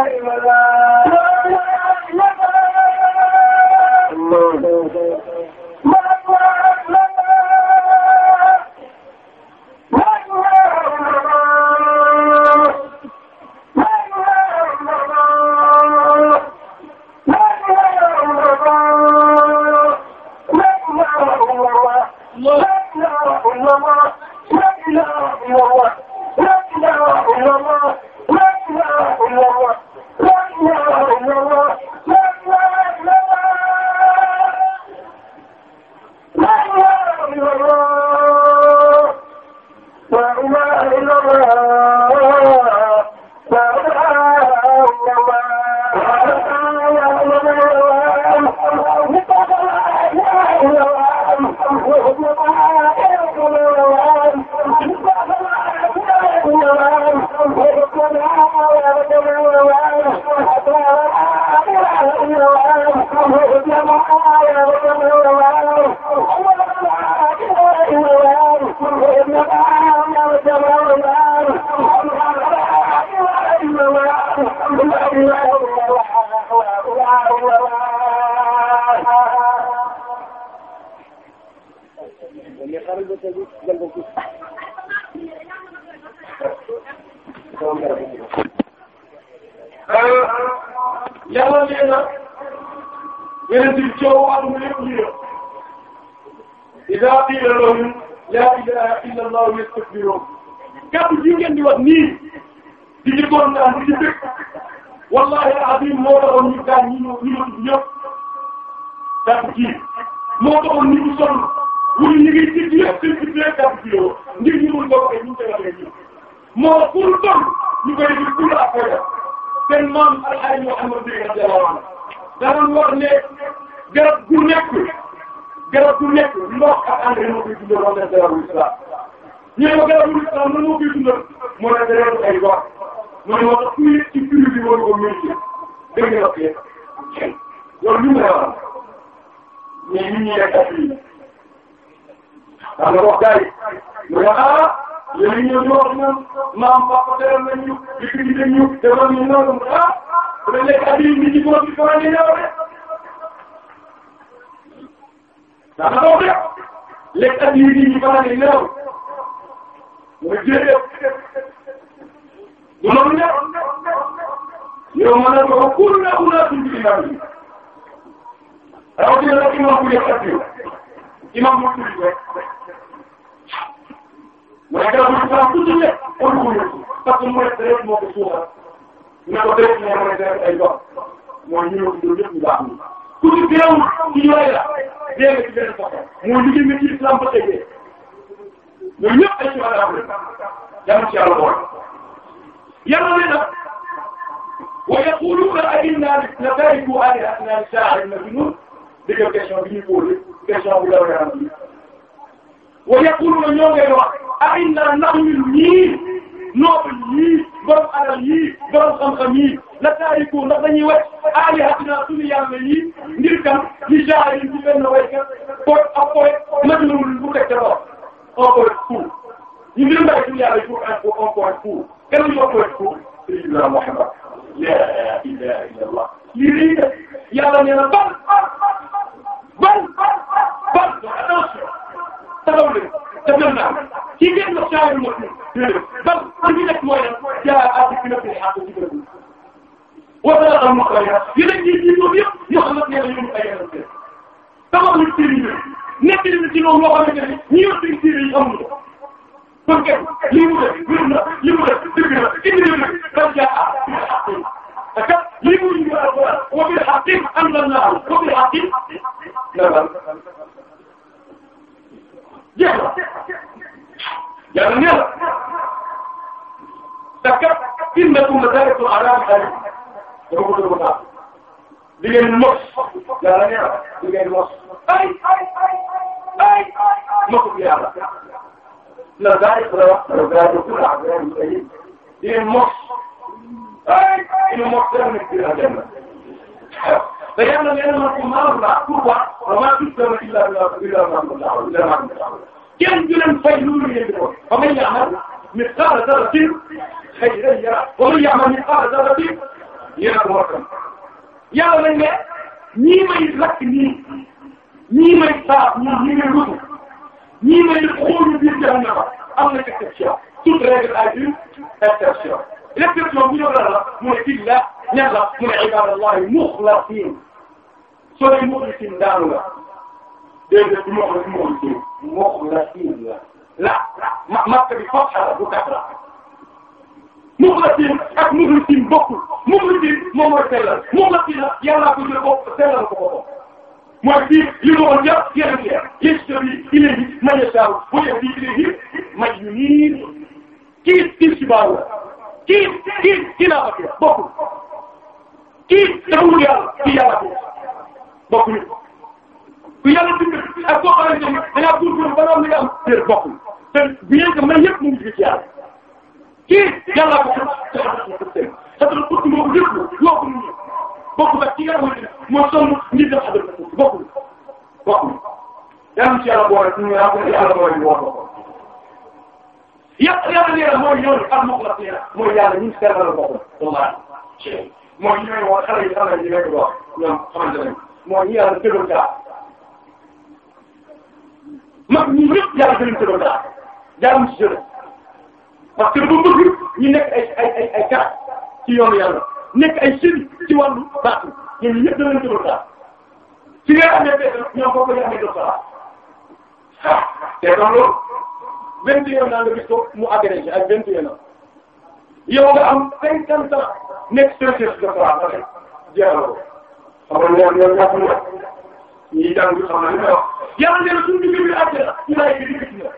ولا ah yéen ñëw ñu wax ñun maam papa teral nañ ñu liggéey dañ ñu defal ñu noonu ah bu dee léegi at yii nit ñi góor gi commencé ñëw de. daa ko doon def léegi at yii nit ñi commencé ñëw mu jëlee du noonu de yow ma ne ko kuul naa kuul naa suñu imam yi rawatina nag imam bu def at imam bu tudd rek. mooy keroog ñu faram tuuti lépp parce que mu nekk rek moo ko suuxal ne ko béykat yi mën a def ay dox mooy ñu ñëw ñëpp ñu baax ñu. ku ci teewul ci yooyu la dee nga ci benn soxla mooy liggéey nga ci islam ba tey ñoom ñëpp ay ci wàllu rafet yàlla ci yàlla boole. yàlla ne nag wa yaquluna a inna latariku alihatina li sha'irin majnun dégg question bi ñu posé question bu dara yaram bi wa yaquluna ñoo ngay wax. ahinna ndax ñun ñii noobu ñii borom alal yii borom xam-xam yii la taariku ndax dañuy wacc aalihatina suñu yàlla yii ngir kan li jaayil ci benn waykat poète ak poète majnun bu teg ca lool un poète fou ñu ngi mbay suñu yàlla yi pour un poète fou kenn ñu un poète fou sayyidina Muhammad la ilaha illallah lii lii de yàlla nee na ban ban ban ban attention taxaw leen dafal naa ci ngeen dox saa yu mot nii bal li ñu nekk mooy jaa àgg ci nëb yi àgg ci gërëm ñu. wala am na xarit yeneen yi ci ñoom yëpp yoo xamante ne dañoo ay yeneen kër taxaw nañ seen i mbir nekk nañ ci loolu loo xamante ne ñi yor seen seen yi amuñu ko. kon kenn li mu def wér na li mu def dëgg na indi na bal jaa àgg te kat lii mu ñu war a war a wóobee xaar kenn am na naa am wóobee xaar kenn jeex na yàlla neex na te kat il ne pour ne dara pour àndaam xale bi di ngeen mos yàlla neex na di ngeen mos ay ay mosu bi yàlla na daay la wax la gaajo pour te yàlla nee na man maanaam laa pourquoi damaa tudd dama ci laa laa laa kenn du leen fay lu mu yëngu ko ba may yàqal mi xaaral dara ci xëy na yàlla ba may yàqal mi xaaral dara ci yéen a war a yàlla nañ ne ñii may lakk nii ñii may saaf ñii ñii may rutu ñii may xoolu biir jahannama am na exception toute règle a une exception. exception bu ñu la la mooy billah ñan la mu ne ibadallahi muxlasin soo dee muxlisin daanu la déedéet du muxlis muxlisin muxlasin la la ma marque bi fatha la du kasra muxlisin ak muxlisin bokkul muxlisin moom mooy sellal muxlisin la yàllaa ko jël ko sellal ko ko mooy fii li mu waxoon yàlla yéen a ngi seet yéen a ngi seet man yashaa wa yahdi ilayhi man yunib kii kii si baaw la. kii kii kii laa ko tudd bokkul kii dafa wut yàlla kii yàlla ko bokkul ku yàlla dund ak koo xamante ni da ngaa góorgóorlu ba doon li nga am déet bokkul te bien que man yëpp mu ngi ci yàlla kii yàlla ko tudd xatul xut moom lépp bokkul bokkul ak ki nga xamante ne moo sonn nit def xatul bokkul bokkul. yaa ngi ci yàlla boole ñu yàlla boole ñu woo yàq yàlla nee na mooy ñooñu ak mokk la nee na mooy yàlla ñun seetalal boppam ba mara ci mooy ñooy wax xale yi xale yi nekk dox ñoom xamante nañ mooy ñu yàlla tëddoon daa mag ñi ñëpp yàlla da leen tëddoon daa yàlla mu ci jëlee parce que dafa bëgg ñu nekk ay ay ay ay kat ci yoonu yàlla nekk ay sëriñ ci wàllu baax yi ñun ñëpp da leen tëddoon daa ci nga amee béykat ñoom foofu la ñu amee doctorat ah te loolu vingt et un ans nga gis ko mu agrégé ak vingt et un ans yow nga am cinquante ans nekk recherche de droit ba tey jeexal ko. xam nga loolu loolu ñaata ñor ñiy jàng xam naa li may wax. yàlla na leen suñu digg bi àgg na ulaayka digg ci ñor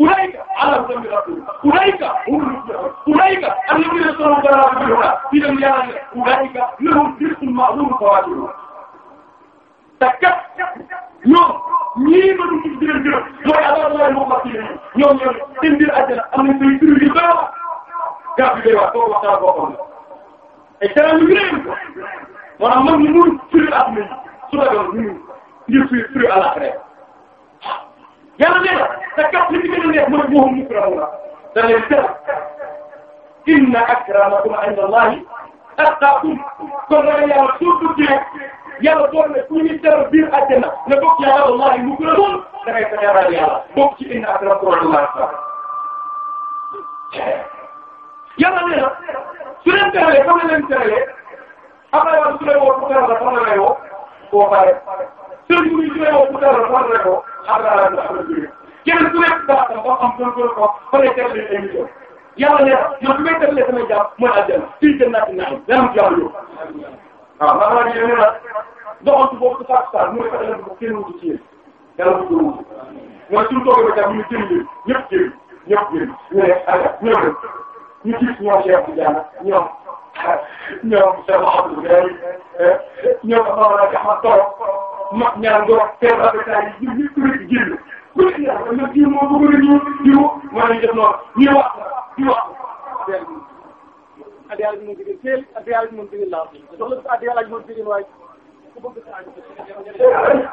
ulaayka ala rabbil rasul ulaayka humul muflihun ulaayka alladhina sabaru bil huda fi dem yàlla ne ulaayka lahum rizqun ma'lum fawaakih te kat ñoom ñii ma dugg ci biir biir mooy abal mooy moom wax ci ñoom ñoom seen biir àjjana am nañ say tur yu baax gaa bi day wax boo waxtaan boo xam ne ay teraanga yu réew ko maanaam man ñu mënul turu at mi su la doon ñu ngir turu turu àllaaxira yàlla nee na te kat li ci gën a neex mooy moo xam mukramuuna da leen teel inna akramakum inda Allahi atqaakum kon nag yàlla soo duggee yàlla doon ne ku ñu teral biir àjjana ne bokk yaa Allah mu gën a doon da ngay fexe ragal yàlla bokk ci inna akramakum inda Allah yàlla nee na su leen teralee fa nga leen teralee après waa su lay woo bu teral la fan la lay woo koo pare sëriñ bi su lay woo bu teral la fan la lay woo après la nga xam ne kenn su nekk daa am ba am doon doon ko fa lay teralee émission yàlla nee na yow su may teralee sama jàmm mooy àjjana fii jëndaati naa yi dana am jàmm yow waaw maa ngi leen di naan doxantu boobu saa su saa mooy fexe leen ko kenn wuti ci yéen yàlla bu ñu wuti mooy suñu toogee ba ca ñu jëm leen ñëpp jëm ñëpp jëm ñu ne aywa ñëw dem ñu gis ñoo Cheikh Tidiane ñoom ñoom Cheikh Mouhamadou Gaye ñoom Maodo Diakhoum Toro mag ñaar Ngor Seydou Abdoulaye ñun ñëpp rek génn ku ci yàlla ñoom kii moo bëgg a ñëw jiw moo leen def noonu ñuy wax di wax. addi yàlla ji moom jigéen teel addi yàlla ji moom jigéen laa jox la addi yàlla ji moom jigéen waaye ku bëgg sa aju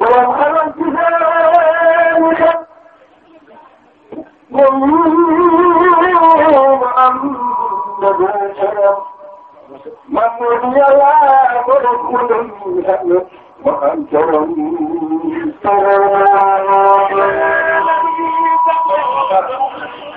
وخلق ذلك ويوم أنبتها من رضي الله ورسوله وأنكرم سواء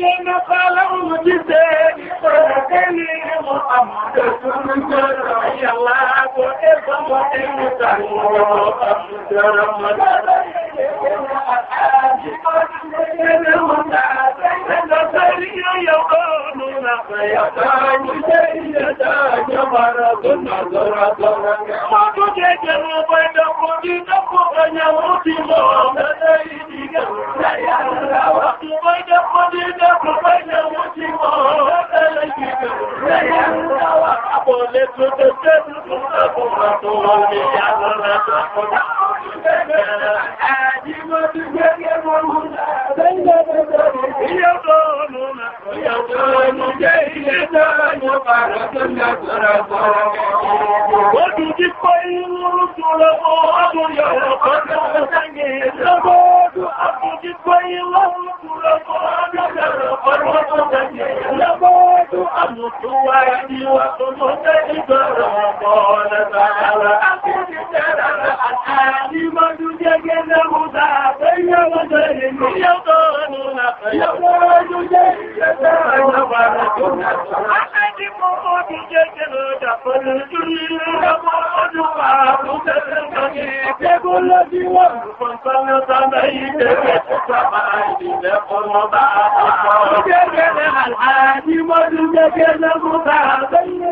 leen a xaaral mu gisee ne mu am te suñu njëriñ yàlla ko def ba mu déglu kan moo am njëriñ ma dara. Thank you. وقضينا قضينا قضينا وسماه Wọ́n ti kọ́ inú rútù lọ́wọ́ ọdún yọ̀rọ̀ kan tó ń sáyé lọ́wọ́ ọdún. Wọ́n ti kọ́ inú rútù lọ́wọ́ ọdún yọ̀rọ̀ kan tó ń sáyé lọ́wọ́ ọdún. وجهي وصمت إبرا قال تعالى أقول ترى الأنعام وتجد مضاعفين وجهي يقولون يقول جيدا وبركة أحدكم بجد دخلت للموت وعبدت يقول الذي وقف صلت بيتك سبعين قربا وجد الحاج وجد Let me go,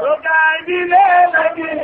so guide me, let me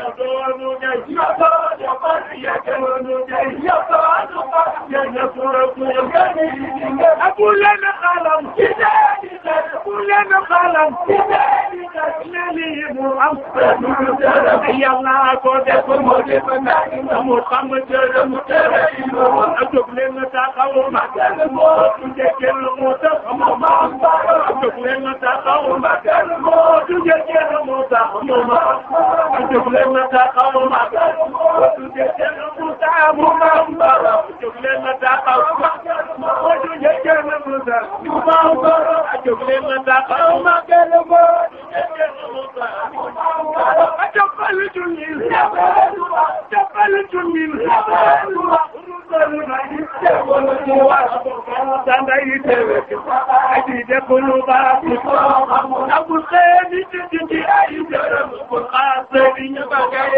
Yo يكون جيدا قد يكون جيدا قد يفرق الجميل كلنا خلم كذلك كلنا خلم كذلك نليم أصلا يلا كودك مجدنا محمد المترين أتوب لنا تقوم تجك المتخم أتوب لنا تقوم تجك المتخم أتوب لنا taxaw ma ba su dee kenn ku saa mu maam borom jóg leen ma taxaw ma ba su dee kenn ku saa mu maam borom jóg leen ma taxaw ma kenn ku saa mu maam borom jàppale junjil jàppale junjil rusal ma yi jàppale ci waa sanda yi teewe ay di jàppalu ba ci abu xeeni ci ci ay jërëm bu xaar sëriñ ba gay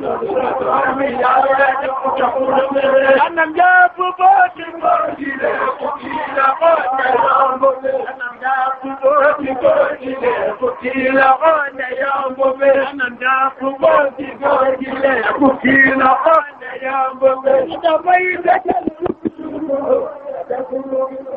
kanam jàpp booti booti de kutila xone yombobe kanam jàpp booti booti de kutila xone yombobe kanam jàpp booti booti de kutila xone yombobe damay dajal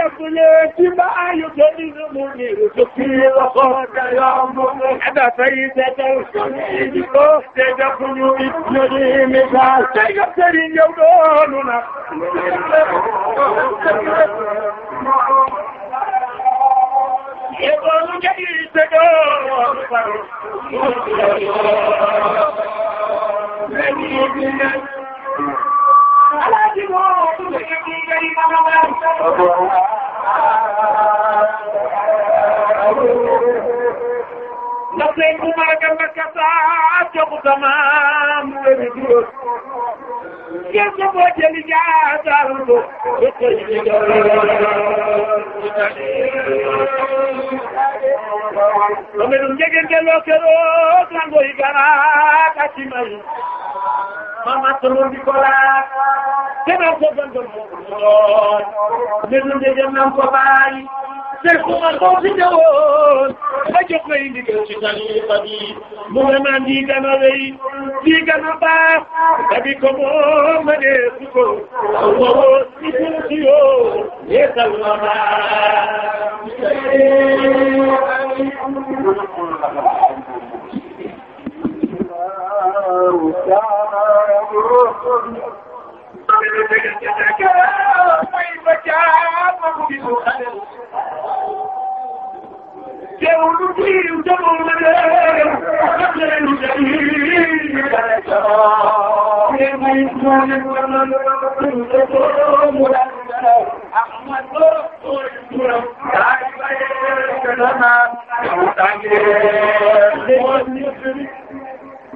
tàmbalee ci baayu gën a mu nir tukki loxo te yomb dafay seetal sonné ji ko te defuñu it ñu di misaal tey nga sëriñ yow doonu na. yéen ñu ngi te doonu faru. mais ñu ngi alaaji boobu su fekkee kii nga di mën a mën a. ndax seen bu màggal la kasaat jox samaam la di dugal. yéen sa boo jëli jaataal ko. ba mel ni njëgante loo keroog lango yi garaat ak ci may. mama tënku di ko laaj. ko gën gën moo ko doon. mel ni njëgam nañ ko bàyyi. te ku ma ko fi ñëwoon. ba jox tariqati muhamadi dana wéy di gana baax tabi ko moo ma ne su ko awoo si suuf yoo yeesal ma baax teewul lu jiw teewul lu dee wax dëgg leen di leen di dara coono. ngeen may moo leen war na lu dee mu daal di dara ak man loo soo leen turam. daa di bàyyi dana naa. daa di bàyyi dana naa.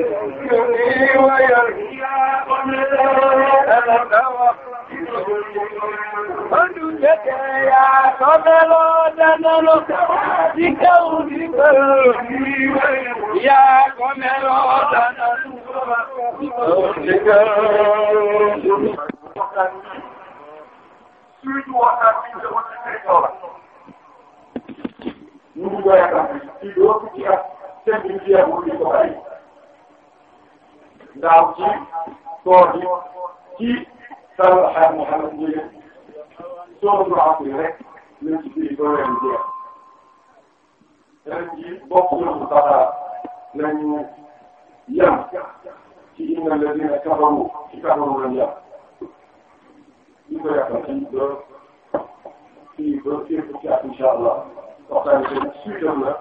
يغني ويرجع أنا فدنيك يا قمر دنلك بكونك يا قمر دنلك suñu waxtaan bi ñu demoon ci région la ñu ngi doon yaakaar ci loolu ci ak seen bi ñu ci yàggul ñu ko bàyyi ndaal ci tool yi ci Saloum Aliou Mouhamed Ndiéguène soo ko affaire rek lañ ci firi ba weeru jeex ren jii bokk nañu saxaar lañu yem ci inna alladina kafaru ci kafaru lañ yem ñu ko yàqal fii ba fii ba fii ci at incha allah waxtaan bi tamit suy dem la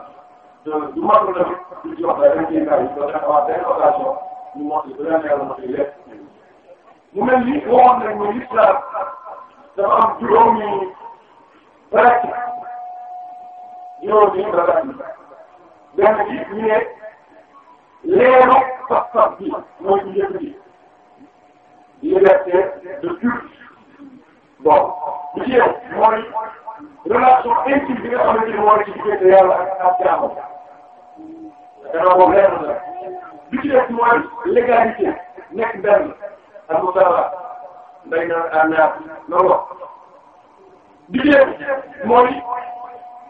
du mag la du ci waxtaan rek day bàyyi ba taxawaat benn occasion. ñu mot li ba yàlla mot li lépp mu mel ni waxoon nañ ne l'islam dafa am juróomi pratique juróomi pratique benn bi ñu ne leeru pas-pas bi mooy ñu njëkk bi liberté de culte bon bu ci yow mooy relation intime bi nga xamante ni moo ci diggante yàlla ak ak jaamu. dana boobu leer na bi des mooy légalité nekk benn ak mu baax mbay na ak naaf loolu wax bi ci des mooy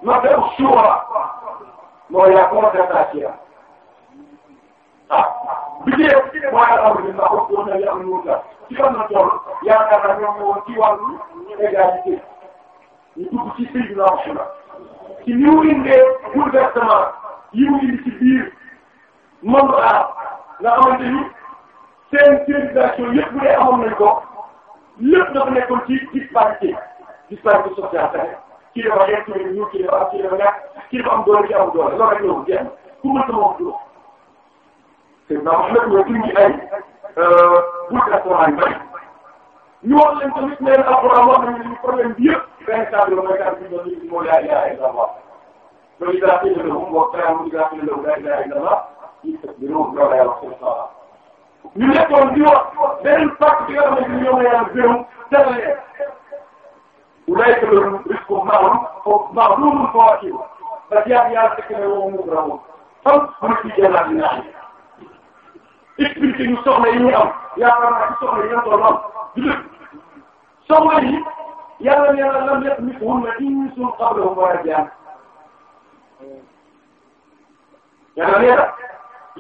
ma dem ah bi des mooy alhamdulilah bi baaxul woon na yàlla mu wër ci fan la toll yaakaar naa ñoo ngi woon ci wàllu égalité ñu dugg ci pays bi la ci ni mu indee bouleversement yi mu indi ci membre arabe nga xamante ni seen civilisation yëpp bu dee amoon nañ ko lépp dafa nekkoon ci disparité disparité sociale tamit kii dafa yegg kii dafa ñuul kii dafa am kii dafa ñàkk kii dafa am doole kii amul doole loolu rek loolu jeex na pour mën sama wax dëgg. te ndax wax dëgg yow suñu ay euh, bouteille alxuraan yu bëri ñu wax leen tamit nee na alxuraan wax nañu ne problème bi yëpp benn la mooy stade bi ñu doon moo laa ilaaha illa Allah la moom wax dëgg yàlla moom itam la moom loolu lay wax suñu soxla ñu nekkoon di wax beneen pàcc bi nga xam ne ñoom la gërëm tëralee walaay que loolu risque maroon foofu maroon lu mu ko waxee parce que yaa ngi yàlla fekk na woo mu rawoon xam mu ci jëlaat ñu naan expliqué ñu soxla yi ñu am yaakaar naa ci soxla yi nga doon am du dëkk soxla yi yàlla yàlla lam yëpp nit woon na in sun qablahum wala jaan yàlla nee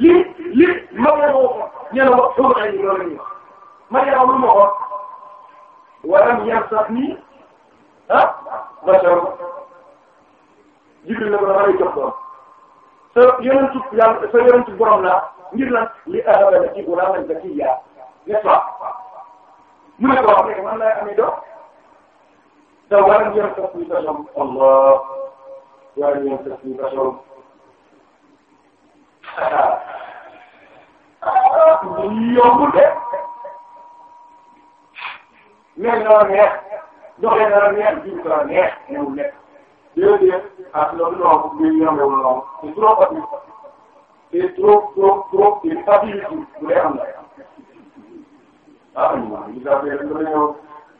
li li Maodo waxoon ñu ne wax suba xëy na loolu la ñuy wax Maodo amul ma xool wala mu yàq sax nii ah macha allah Jibril ne ko dama lay jox doom sa yonentu yàlla sa yonentu borom la ngir lan li ahaba laki ghulaman zakiyya n'est-ce pas mu ne ko wax léegi man lay amee doom te wala mu yàq sax nii Allah wala mu yàq sax nii basharum yombul de mel na la neex joxe na la neex jiw la neex ñëw nekk déedéet ak loolu noonu muy yombewul noonu c'est trop facile c'est trop trop trop c'est facile bu dee am na ah ñu ngi affaire bi dama ñëw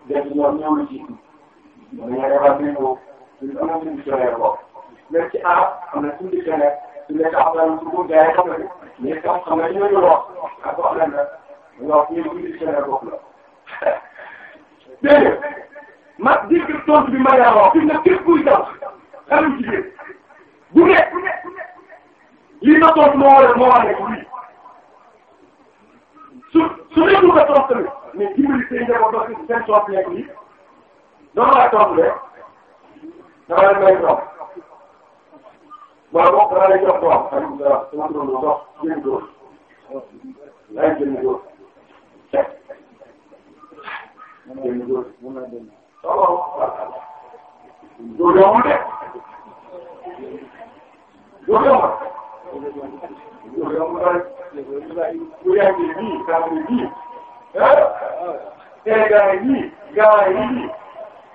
dégg ñoom ñëw lu ci dama ñëw defar suñu bopp suñu am na suñu dictionnaire bopp mais ci aar am na suñu dictionnaire léegi am nañu surtout gars yi xam nañu léegi tam xam nañu ñooñu wax ak wax nañ la ñu wax ñun ñu ngi seen bopp la. dégg nga ma dégg tontu bi ma yaa wax fi mu ne képp kuy taw xalu jigéen bu ne lii na tontu moo war a moo war a nekk lii su su nekk lu ko tontu tamit mais dimbali seen njaboot dox seen soxla nekk lii dama la tontu de dama la may tontu. mooy bokk naa lay jox ko wax alhamdulilah sama turam dox jënd góor laay jënd góor jënd góor. góor yombul de góor yombul. góor yombul rek. góor yaa ngi nii gaa ngi nii. tey gaa ngi nii gaa ngi nii.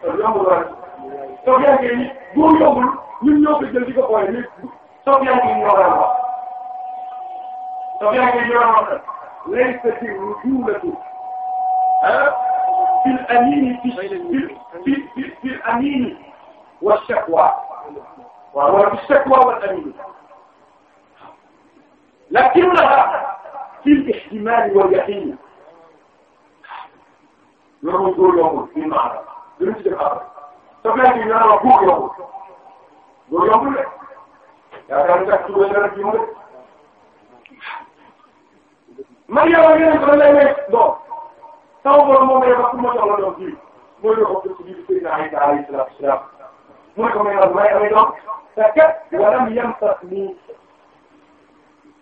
góor yombul rek. soo yaa ngi nii góor yombul. ñun ñoo ko jël di ko boole mais sofiane yi ñoo doon wax sofiane yi ñoo doon wax laysa fi rujulatu ah fil amini fi fi fi fil amini wa shakwa waaw wala fi shakwa wal amini lakinnaha fil ihtimali wal yaqin loolu mooy góor yombul fi mu maanaam dinañ ci def affaire sofiane yi ñoo doon wax góor yombul loolu yombul de yaakaar nga tax tuuti dara jiw rek man yow ak yeneen fan lay nekk bon sama borom moom day wax pour ma soxla doom ji mooy dox ko ci biir président ay daal ay salaam salaam mu ne ko may wax may amee doom te kat walam yam sax nii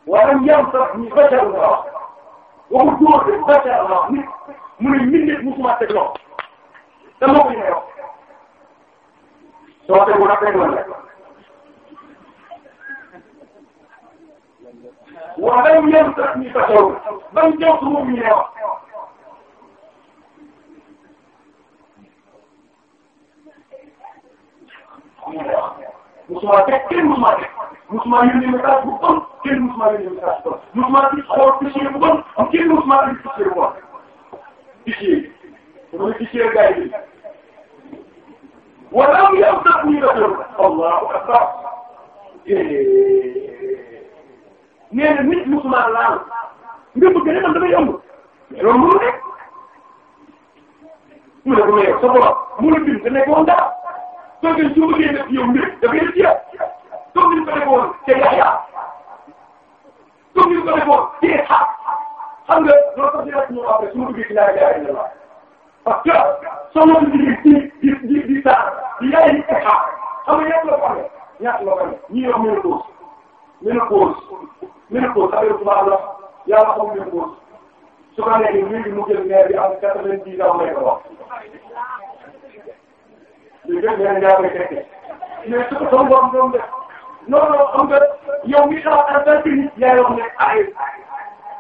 walam yam sax nii bachar nga wax waxul góor de bachar nga wax nit mu ne mbindeef musuma teg loxo te moo ko ñu may wax soo tegu nag rek la ولم يمسك بشر بل جسر من يرى musuma teg kenn musuma teg musuma yónnee message bu bon kenn musuma yónnee message bu bon musuma ci xool fichier bu bon am kenn musuma am fichier bu bon fichier mooy fichier gars yi wala mu am sax ñu defal allahu akbar eh. nee na nit musuma laal nga bëgg ne man dafay yomb loolu mënu ne mu ne ko mais sa borom mu la bind te nekkoon dara soo gën soo bëggee def yow mbir dafay def ci yow soo gën ko nekkoon te Yaxya soo gën ko nekkoon te Isxaaq xam nga loolu sax dina ñu wax su ma duggee ci laa ilaha illallah parce que soo mën di di di di di saa di yaay di Isxaaq xam nga ñaata la ko amee ñaata la ko amee ñii yor ménopause ménopause mille pour cent yëpp maa la yàlla amul mille pour su ko nekk léegi mu jël maire bi am quatre-vingt-dix ans lay ko wax. li jël maire ñaar lay fekkee mais su ko sama borom doon def non non am nga mi xalaat en tant que nit yaa ay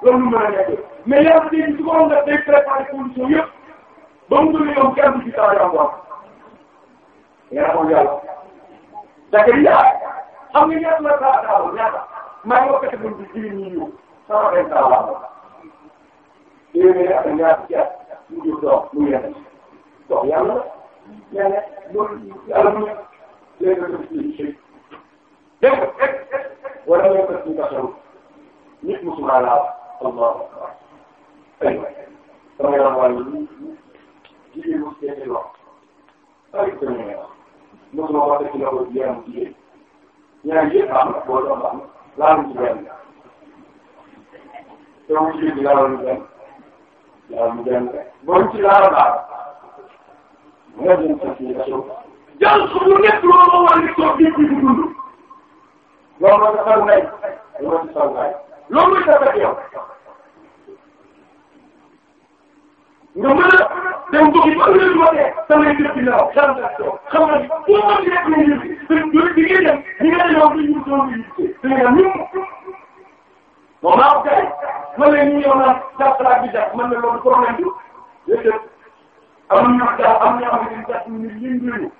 loolu mën a nekk mais yàlla léegi su ko doon def day préparé condition yëpp ba mu gën a yomb kenn du ci saa yoo xam yàlla xam nga ñaata la saa saa ñaata. maa ngi wax ko ci jigéen ñi ñëw sama benn taxawaay la. ñaar ci at mu jur doom mu yéene dox yàlla la ne loolu yàlla mu léegi nga def ci ci dégg nga wala nga def ci kasaru nit musuma laa allahu akbar aywa sama yoon wàllu jigéen mu si ci loxo ay ko ñu ne musuma wax ci loxo jigéen mu jigéen ñaar yëpp am na boo doon am laalu ci benn soo ci laalu benn laalu benn boo ci laala baal nga dem sa si la suuf. jàll su mu nekk loolu war nga toog di dund. loolu nga mën a dem gox yi ba am na lu ma dee samay dëkk naaw xam nga xam nga pour nga nekk nañ yëpp te di ngay dem di ngay yow di ñu doon yëpp te nga ñëw. bon maa ko kay man la ñu ñëw naan jàppalaat bi jàpp man la loolu problème bi déedéet am na daal am na am nañu jàpp ñu yëngu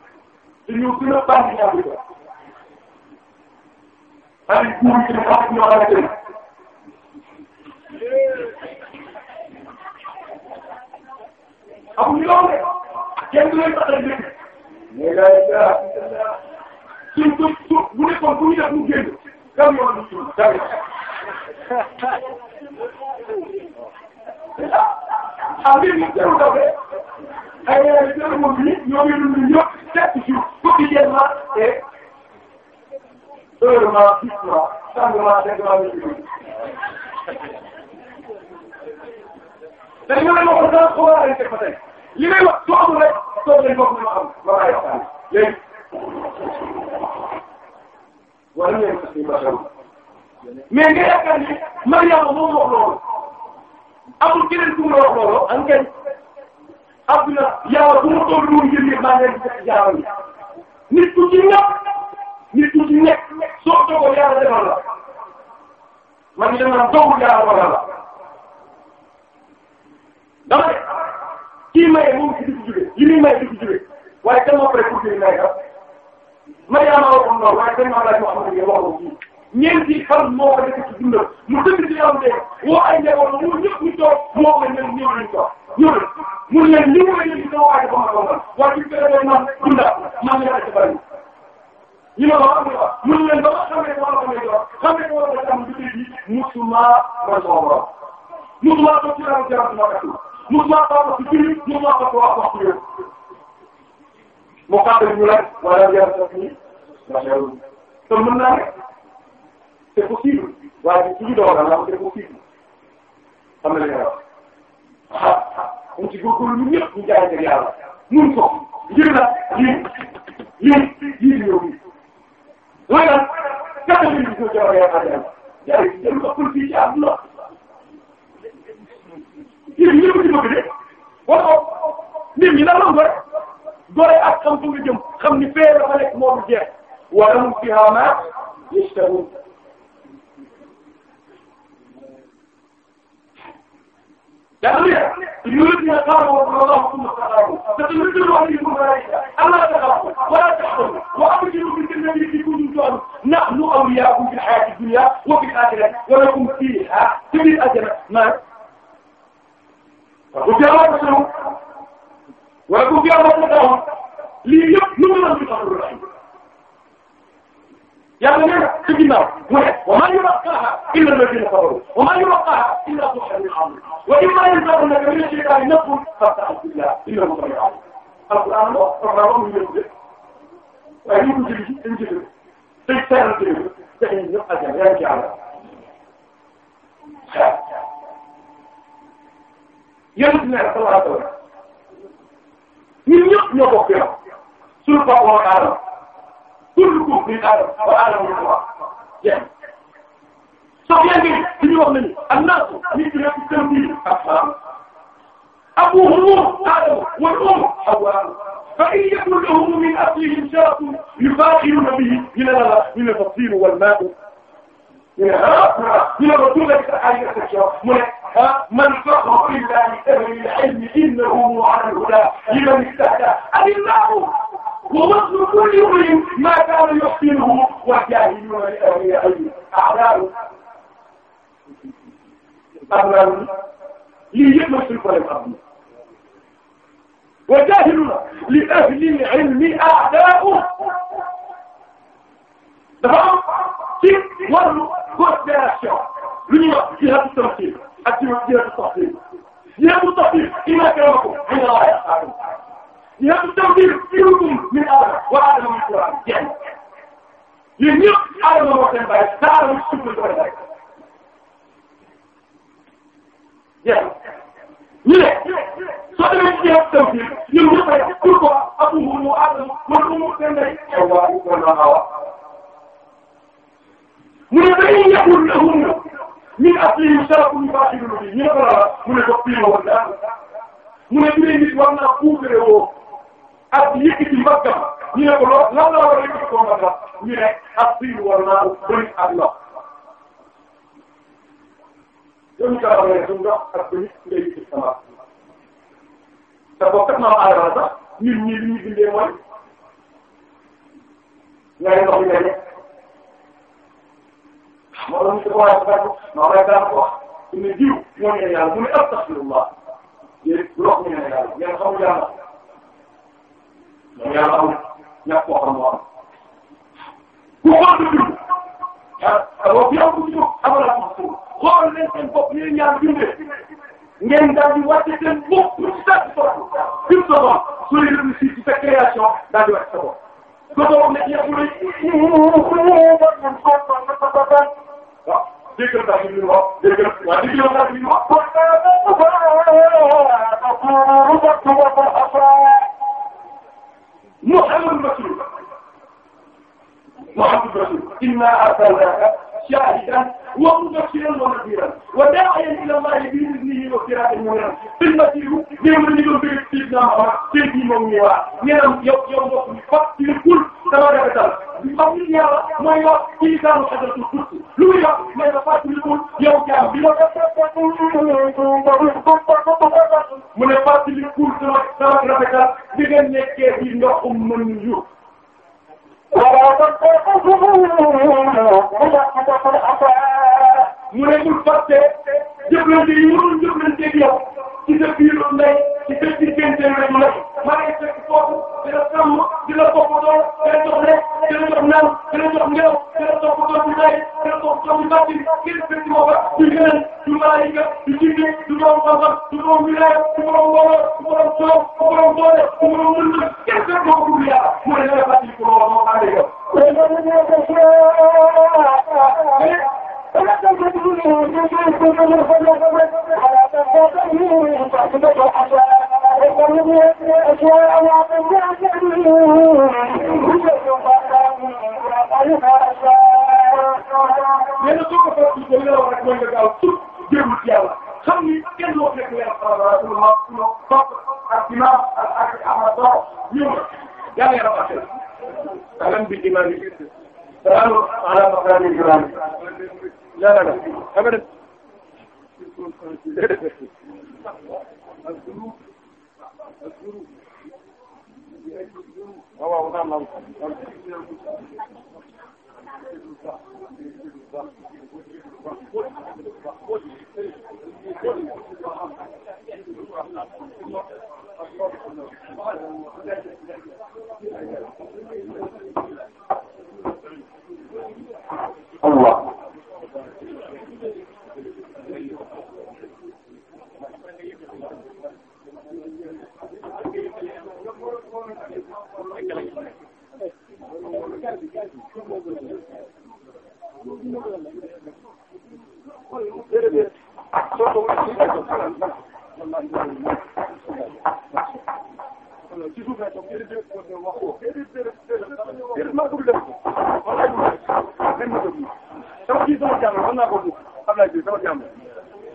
te ñu gën a bànn ñaari ko. Aliou Sow ñu ne xam ñoo xamante ni. amuñu loolu de kenn du leen tax a dégg. mais daal daal suñ ko su bu nekkoon bu ñu def mu génn dem yoonu suul dem yoon. ah mbir mi jarul daw de ay jarul moom bi ñoo ngi dund ñëpp sept jours quotidiennement et eh. heureusement six mois cinq mois cinq mois dañoo leen wax dara xaw a leen teg fa tey li ngay wax su amul rek soo leen bokk ñu am ba ay waxtaan léegi. wala ngeen ko si baaxee mais nga yaakaar ni Mariama moom wax loolu amul keneen ku mu wax loolu am kenn Abdullah bu ma toll nii ngir maa ngi leen di fekk jaarale nit ku ci ñëpp nit ku ci nekk soo toogoo yàlla defal la man ñu dem naan doomu jaarale wala dama ne kii maye moom ci di ko jugee li muy maye di ko jugee waaye kenn moo pare pour jëriñ maye dara maye am awoon noonu waaye kenn maa laaj moo xamante ne waxoon kii ñeenti xam moo ko def ci dundam mu dëgg ci yoon de woo ay njaboot mu ñëpp ñu toog moo ko ñëw ñëw nañ toog ñëw nañ mu ne lii mooy yëngu sama waay dafa ma ko mën waaye suñ ko defee man dunda man la ci bari ñu ne ko wax nga wax mu ne leen ba nga xam ne war a ko may jox xam ne war a ko am du tey bi musuma ma soxla musuma toog ci rajo jaram sama kàddu ñun ñoo toog ci biir ñun ñoo toog wax wax ci yow mu xaaral ñu laaj wala yàlla def nii ndax yàlla te mën naa rek c'est possible waaye suñu doxalin la c'est possible xam nga li nga wax ah mu ci góorgóorlu ñun ñëpp ñu jaayante yàlla mun ko njëriñ la lii lii lii di ñëw nii. loolu nag gerte gi ñu ko joxee ak yàlla jaay jël ko pour fii ci àdduna yéen ñëpp ci bëgg de wax ko nit ñi lan la gore gore ak xam fu nga jëm xam ni fee dafa nekk moo du jeex wa lahum fiha ma yashtahun yàlla na yàlla na xaaral ma ma wax ma xaaral ma parce que lu dul wax nii moom laa yàlla allah taxaw wala taxaw wa abshiru bil jannati allati kuntum nahnu awliyaakum fil hayaati dunya wa fil aaxirati wa lakum fiihaa bu teewoon ko taw waaye bu teewoon ko taw lii yëpp lu mu doon ci taxawu la. yàlla nee na ci ginnaaw mu ne wa maa yulaqqaahaa illa allaziina sabaruu wa maa yulaqqaahaa illa zuu hazzin aziim wa immaa yanzaghannaka mina shaytaani nazghun fasta'idh billaah innahu samii'un aliim. alquran la wax programme amul njëriñ de waaye ñu ngi ko jëli dañu jëli day seeral jëli ko te ñun ñëpp àjjana yaa ngi ci àll. yéen ne la sama rajo ñun ñëpp ñoo bokk yow suñu bopp mooy aadama suñu bopp bi aadama ba aadama ñu ko wax jeex na soo yeggee li ñu wax nañu am naa ko nit ñi nekk kër bii ak salaam abu humu aadama wal umu hawaa fa in yakun lahum min aslihim shay'un yufaakhiruna bihi ñu ne la la ñu ne fa siiru wal maa'u ñu ne ah, ah ñu ne ko tur beeg ay réflexion mu ne ah man farrahu billahi ahli al-ilmi innahu ala al-huda liman istahda adillahu wa waslu kulli imri'in ma kana yuhsinuhu wa jahiluna li ahli al-ilmi a'daa'u lii yëpp mooy suñu problème am wa jahiluna li ahli al-ilmi a'daa'u dafa am ci wàllu coopération lu ñuy wax jihaadu tartib ak jihaadu tartib jihaadu tartib inna akramakum inda Allahi atqakum jihaadu tartib fiikum min Adama wa Adama min turab jenn yéen ñëpp Adama moo seen bàyyi te Adama ci suuf la ko def jenn ñu ne soo demee jihaadu tartib ñun ñu fay pourquoi abu mu Adama man mu seen day mu ne ba ñu yàqul lahum na min aslihim sharafun yubatiluna bi ñu ne ko la mu ne ko fii ma woon daal mu ne bu dee nit war naa puukare woo ak yëkkati mbaggam ñu ne ko loo lan la war a yëkkati ko mbaggam ñu ne ak fii war naa bëri ak ndox. yow kaa xam ne du ndox ak bëri ngay yëkkati sama te boo kat maam aadama sax nit ñi li ñu bindee mooy ngay ndox ngay moo doon ko waay ba noo koy gàll ko wax su ne jiw moo ñu ne yàlla mu ne astaghfirullah yéen loxo ñu ne yàlla yéen xamul yàlla moom yàlla amul ñàkk koo xam moo am. ku xool du jiw ah alors yow ku jóg amal ak ma suul xool leen seen bopp yéen ñaar bindee ngeen daal di wàcce seen bopp pour ñu saa si bopp une seconde soo leen réussir ci sa création daal di wàcc sa bopp. فضربنا يقول waaw dégg naa li ñu wax dégg naa waaw dégg naa li ñu wax. Muhammad Rasul Muhammad Rasul inna arsalnaka شاهدا ومبشرا ونذيرا وداعيا الى الله باذنه a منيرا a Bassirou ñëw nañu doon bëri président Amar sëñ bi moom ñu a ñeneen yow yow mbokk mi fàttalikul dama rafetal xam ni yàlla mooy wax ci li daanu a suuf suuf lu muy wax mais nga fàttalikul yow jaam bi ma. mu ne fàttalikul sama sama rafetal bi nga nekkee ci ndoxum mën yu ولا تصدقوا بشبهة العطاء mu ne bul fàtte jëflante yi mënul jëflanteeg yow ci sa biir ndey ci sa diggante rek la maa ngi fekk foofu di la sàmm di la toppatoo di la jox lekk di la jox naan di la jox ngelaw di la toppatoo ci ndey di la toppatoo ci bàtt bi kenn fekk moo fa du yeneen du malaayika du jinne du borom xam-xam du borom wilaaya du borom wóor du borom soow du borom doole du borom mën-mën kenn fekk moo ko dul yàlla mu ne la fàttali ko lool moo ànd ak yow ولكن تدريبه من جنس من الخلق على تنفيذه تعتمد الحسن وقلبه أشياء وعطم يعتمده وجد فقام وقلب أشياء من طرف ربك الله الرحمن لقال صد جيب الكيامة xam ni kenn loo nekk leen xarala ma ma topp ak imaam ak ak Ahmad Ba ñëw na yàlla yaram ak alam bi imaam yi. salaam ala maqaami ibrahim لا لا لا أبدا الظروف الظروف هو وضعنا الله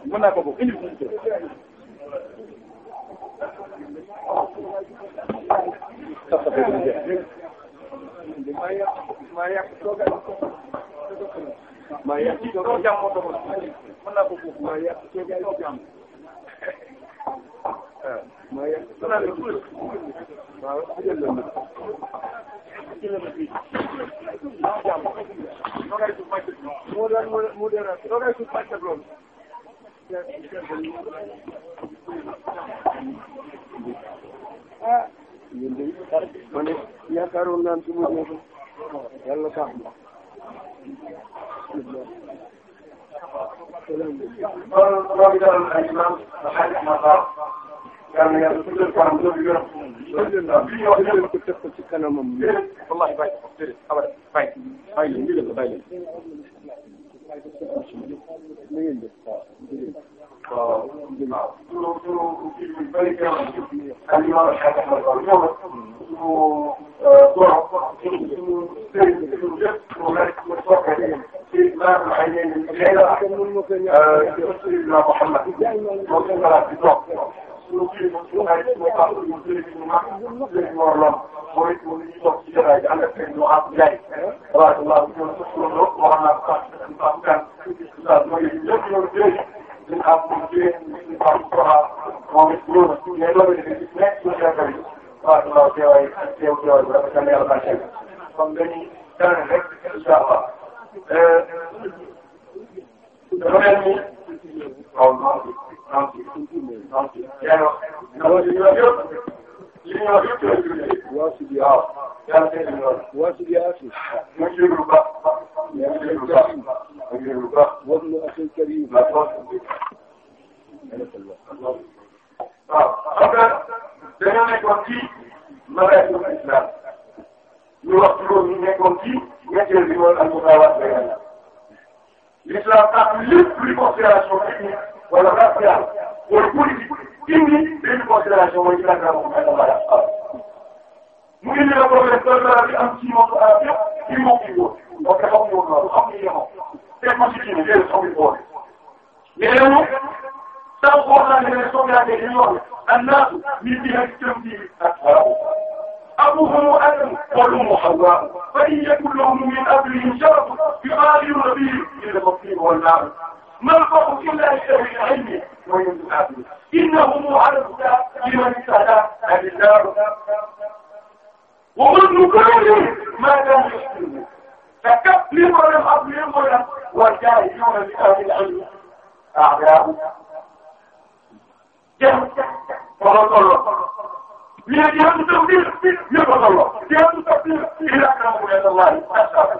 mën naa ko maa yàq maa yàq toogal maa yàq toogal jàmm moo doon mën naa ko foofu maa yàq toogal jàmm maa yàq toogal waaw jël la ma jël la ma fii jàmm toogal suuf màcc moo daan moo daan toogal suuf màcc loolu ah ñun de ma ne yaakaaroon naan su ma ñëw yàlla baax na. kon moo ngi dalal ay imam Alhaji Ahmad Ba yàlla na yàlla tuddal ko am loolu yoroon. loolu yoroon ko teg ko ci kanamam. déedéet wallaahi bàyyi ko déedéet abada bàyyi bàyyi leen ñu def ko bàyyi leen. waaw suñu suñu kii bi bëri teew ak ñu war a xeex ak loolu ñoom nag suñu borom suñu sëriñ suñu lépp mu nekk mu soppee ci maanaam ay yeneen lay la ci Seydina Mouhamed moom suñu xalaat di toog suñu kii suñu ay suñu baax suñu sëriñ suñu mag sëriñ Mor Lom mooy moom ñu toog ci jotaay bi ànd ak sëriñ Mouhamed Ndiaye waaw waaw ñoom suñu wax naa ko sax baax kan waaw mooy lépp ñoom ñu xam ñu jugee ñu xam moom it ñëw na mais loolu la gis nekk suñu jafe-jafe bi waaw du laaw teewaay teew teewaay bu rafet na yàlla bàcce na kon dañuy tànn rek incha allah. dafa mel ni waaw non non non non waasu bi waaw. waasu bi aasi. wabnu axil karim. waaw xam nga dañoo nekkoon ci madaaribu islam ñu wax juróom ñu nekkoon ci ñetteel bi mooy al-musaawaat bayna l'islam ak lépp luy considération technique wala raciale wala politique. indi benn considération mooy ci programme mu élevage am mu indi la problème programme bi am ci moom arab yëpp ci moom ñu wóor parce que xamuñu woon loolu xamuñu yemoo tey man ci Chine tey xamuñu boole mais yow sànq wax naa ne ne soo yaatee dañuy wax ne an naa min bi ak jëm bi ak xaraw أبوهم آدم وأمه حواء فإن يكن لهم من أبيهم شرف يغادرون به إلى الطين والنار ملقب كل شيء علمي وينتهى إنه على الهدى لمن اهتدى أهل النار ومن كل ما كان يحسنه فكفلم ولم أظلم ولم والجاهلون بأهل العلم أعداء جهل فضل الله لأن يهدوا تقدير يفضل الله يهدوا تقدير إلى أنه من الله أشهد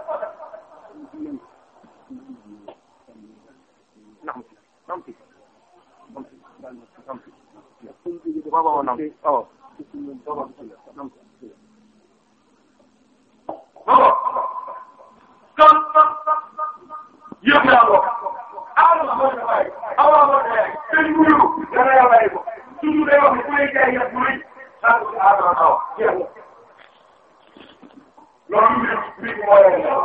waaw. kon yëpp yaa ko amul moo ca bàyyi amul moo ca yaay te ñu wuyu dana yaa bàyyi ko surtout day wax ne ku lay jaay yëpp bu rëy sant si aadama taw jeex na loolu mbir mbir bi moo leen ñor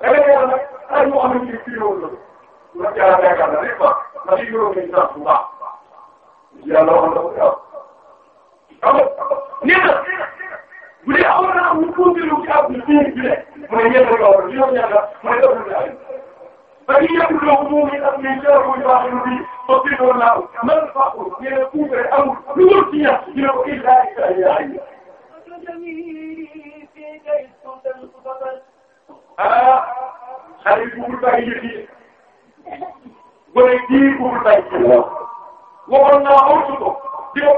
da ngay ñor nag ay yoo xam ne fii fii la woon la ko. bu la jaaraatee gàllankoor ba nga fi yoroon nga ñu sant bu baax. yàlla wax na ko yàlla. amul nee na bu dee amoon naa am lu tuuti lu ci àdduna bi ñu ne mu ne ñebe la wala li nga xam mooy dëkk bi daal. parce que yàlla du loolu moom itam nii jërë nga ko baaxee lu muy soppi doon naa ko mën na faaxul nee na fu mu koy amul lu wër ci ñax dina ko indi daal di daal di daal di. ah xale bi bu mu bàyyi yëf yi. bu dee kii bu mu bàyyi waxoon naa awtu ko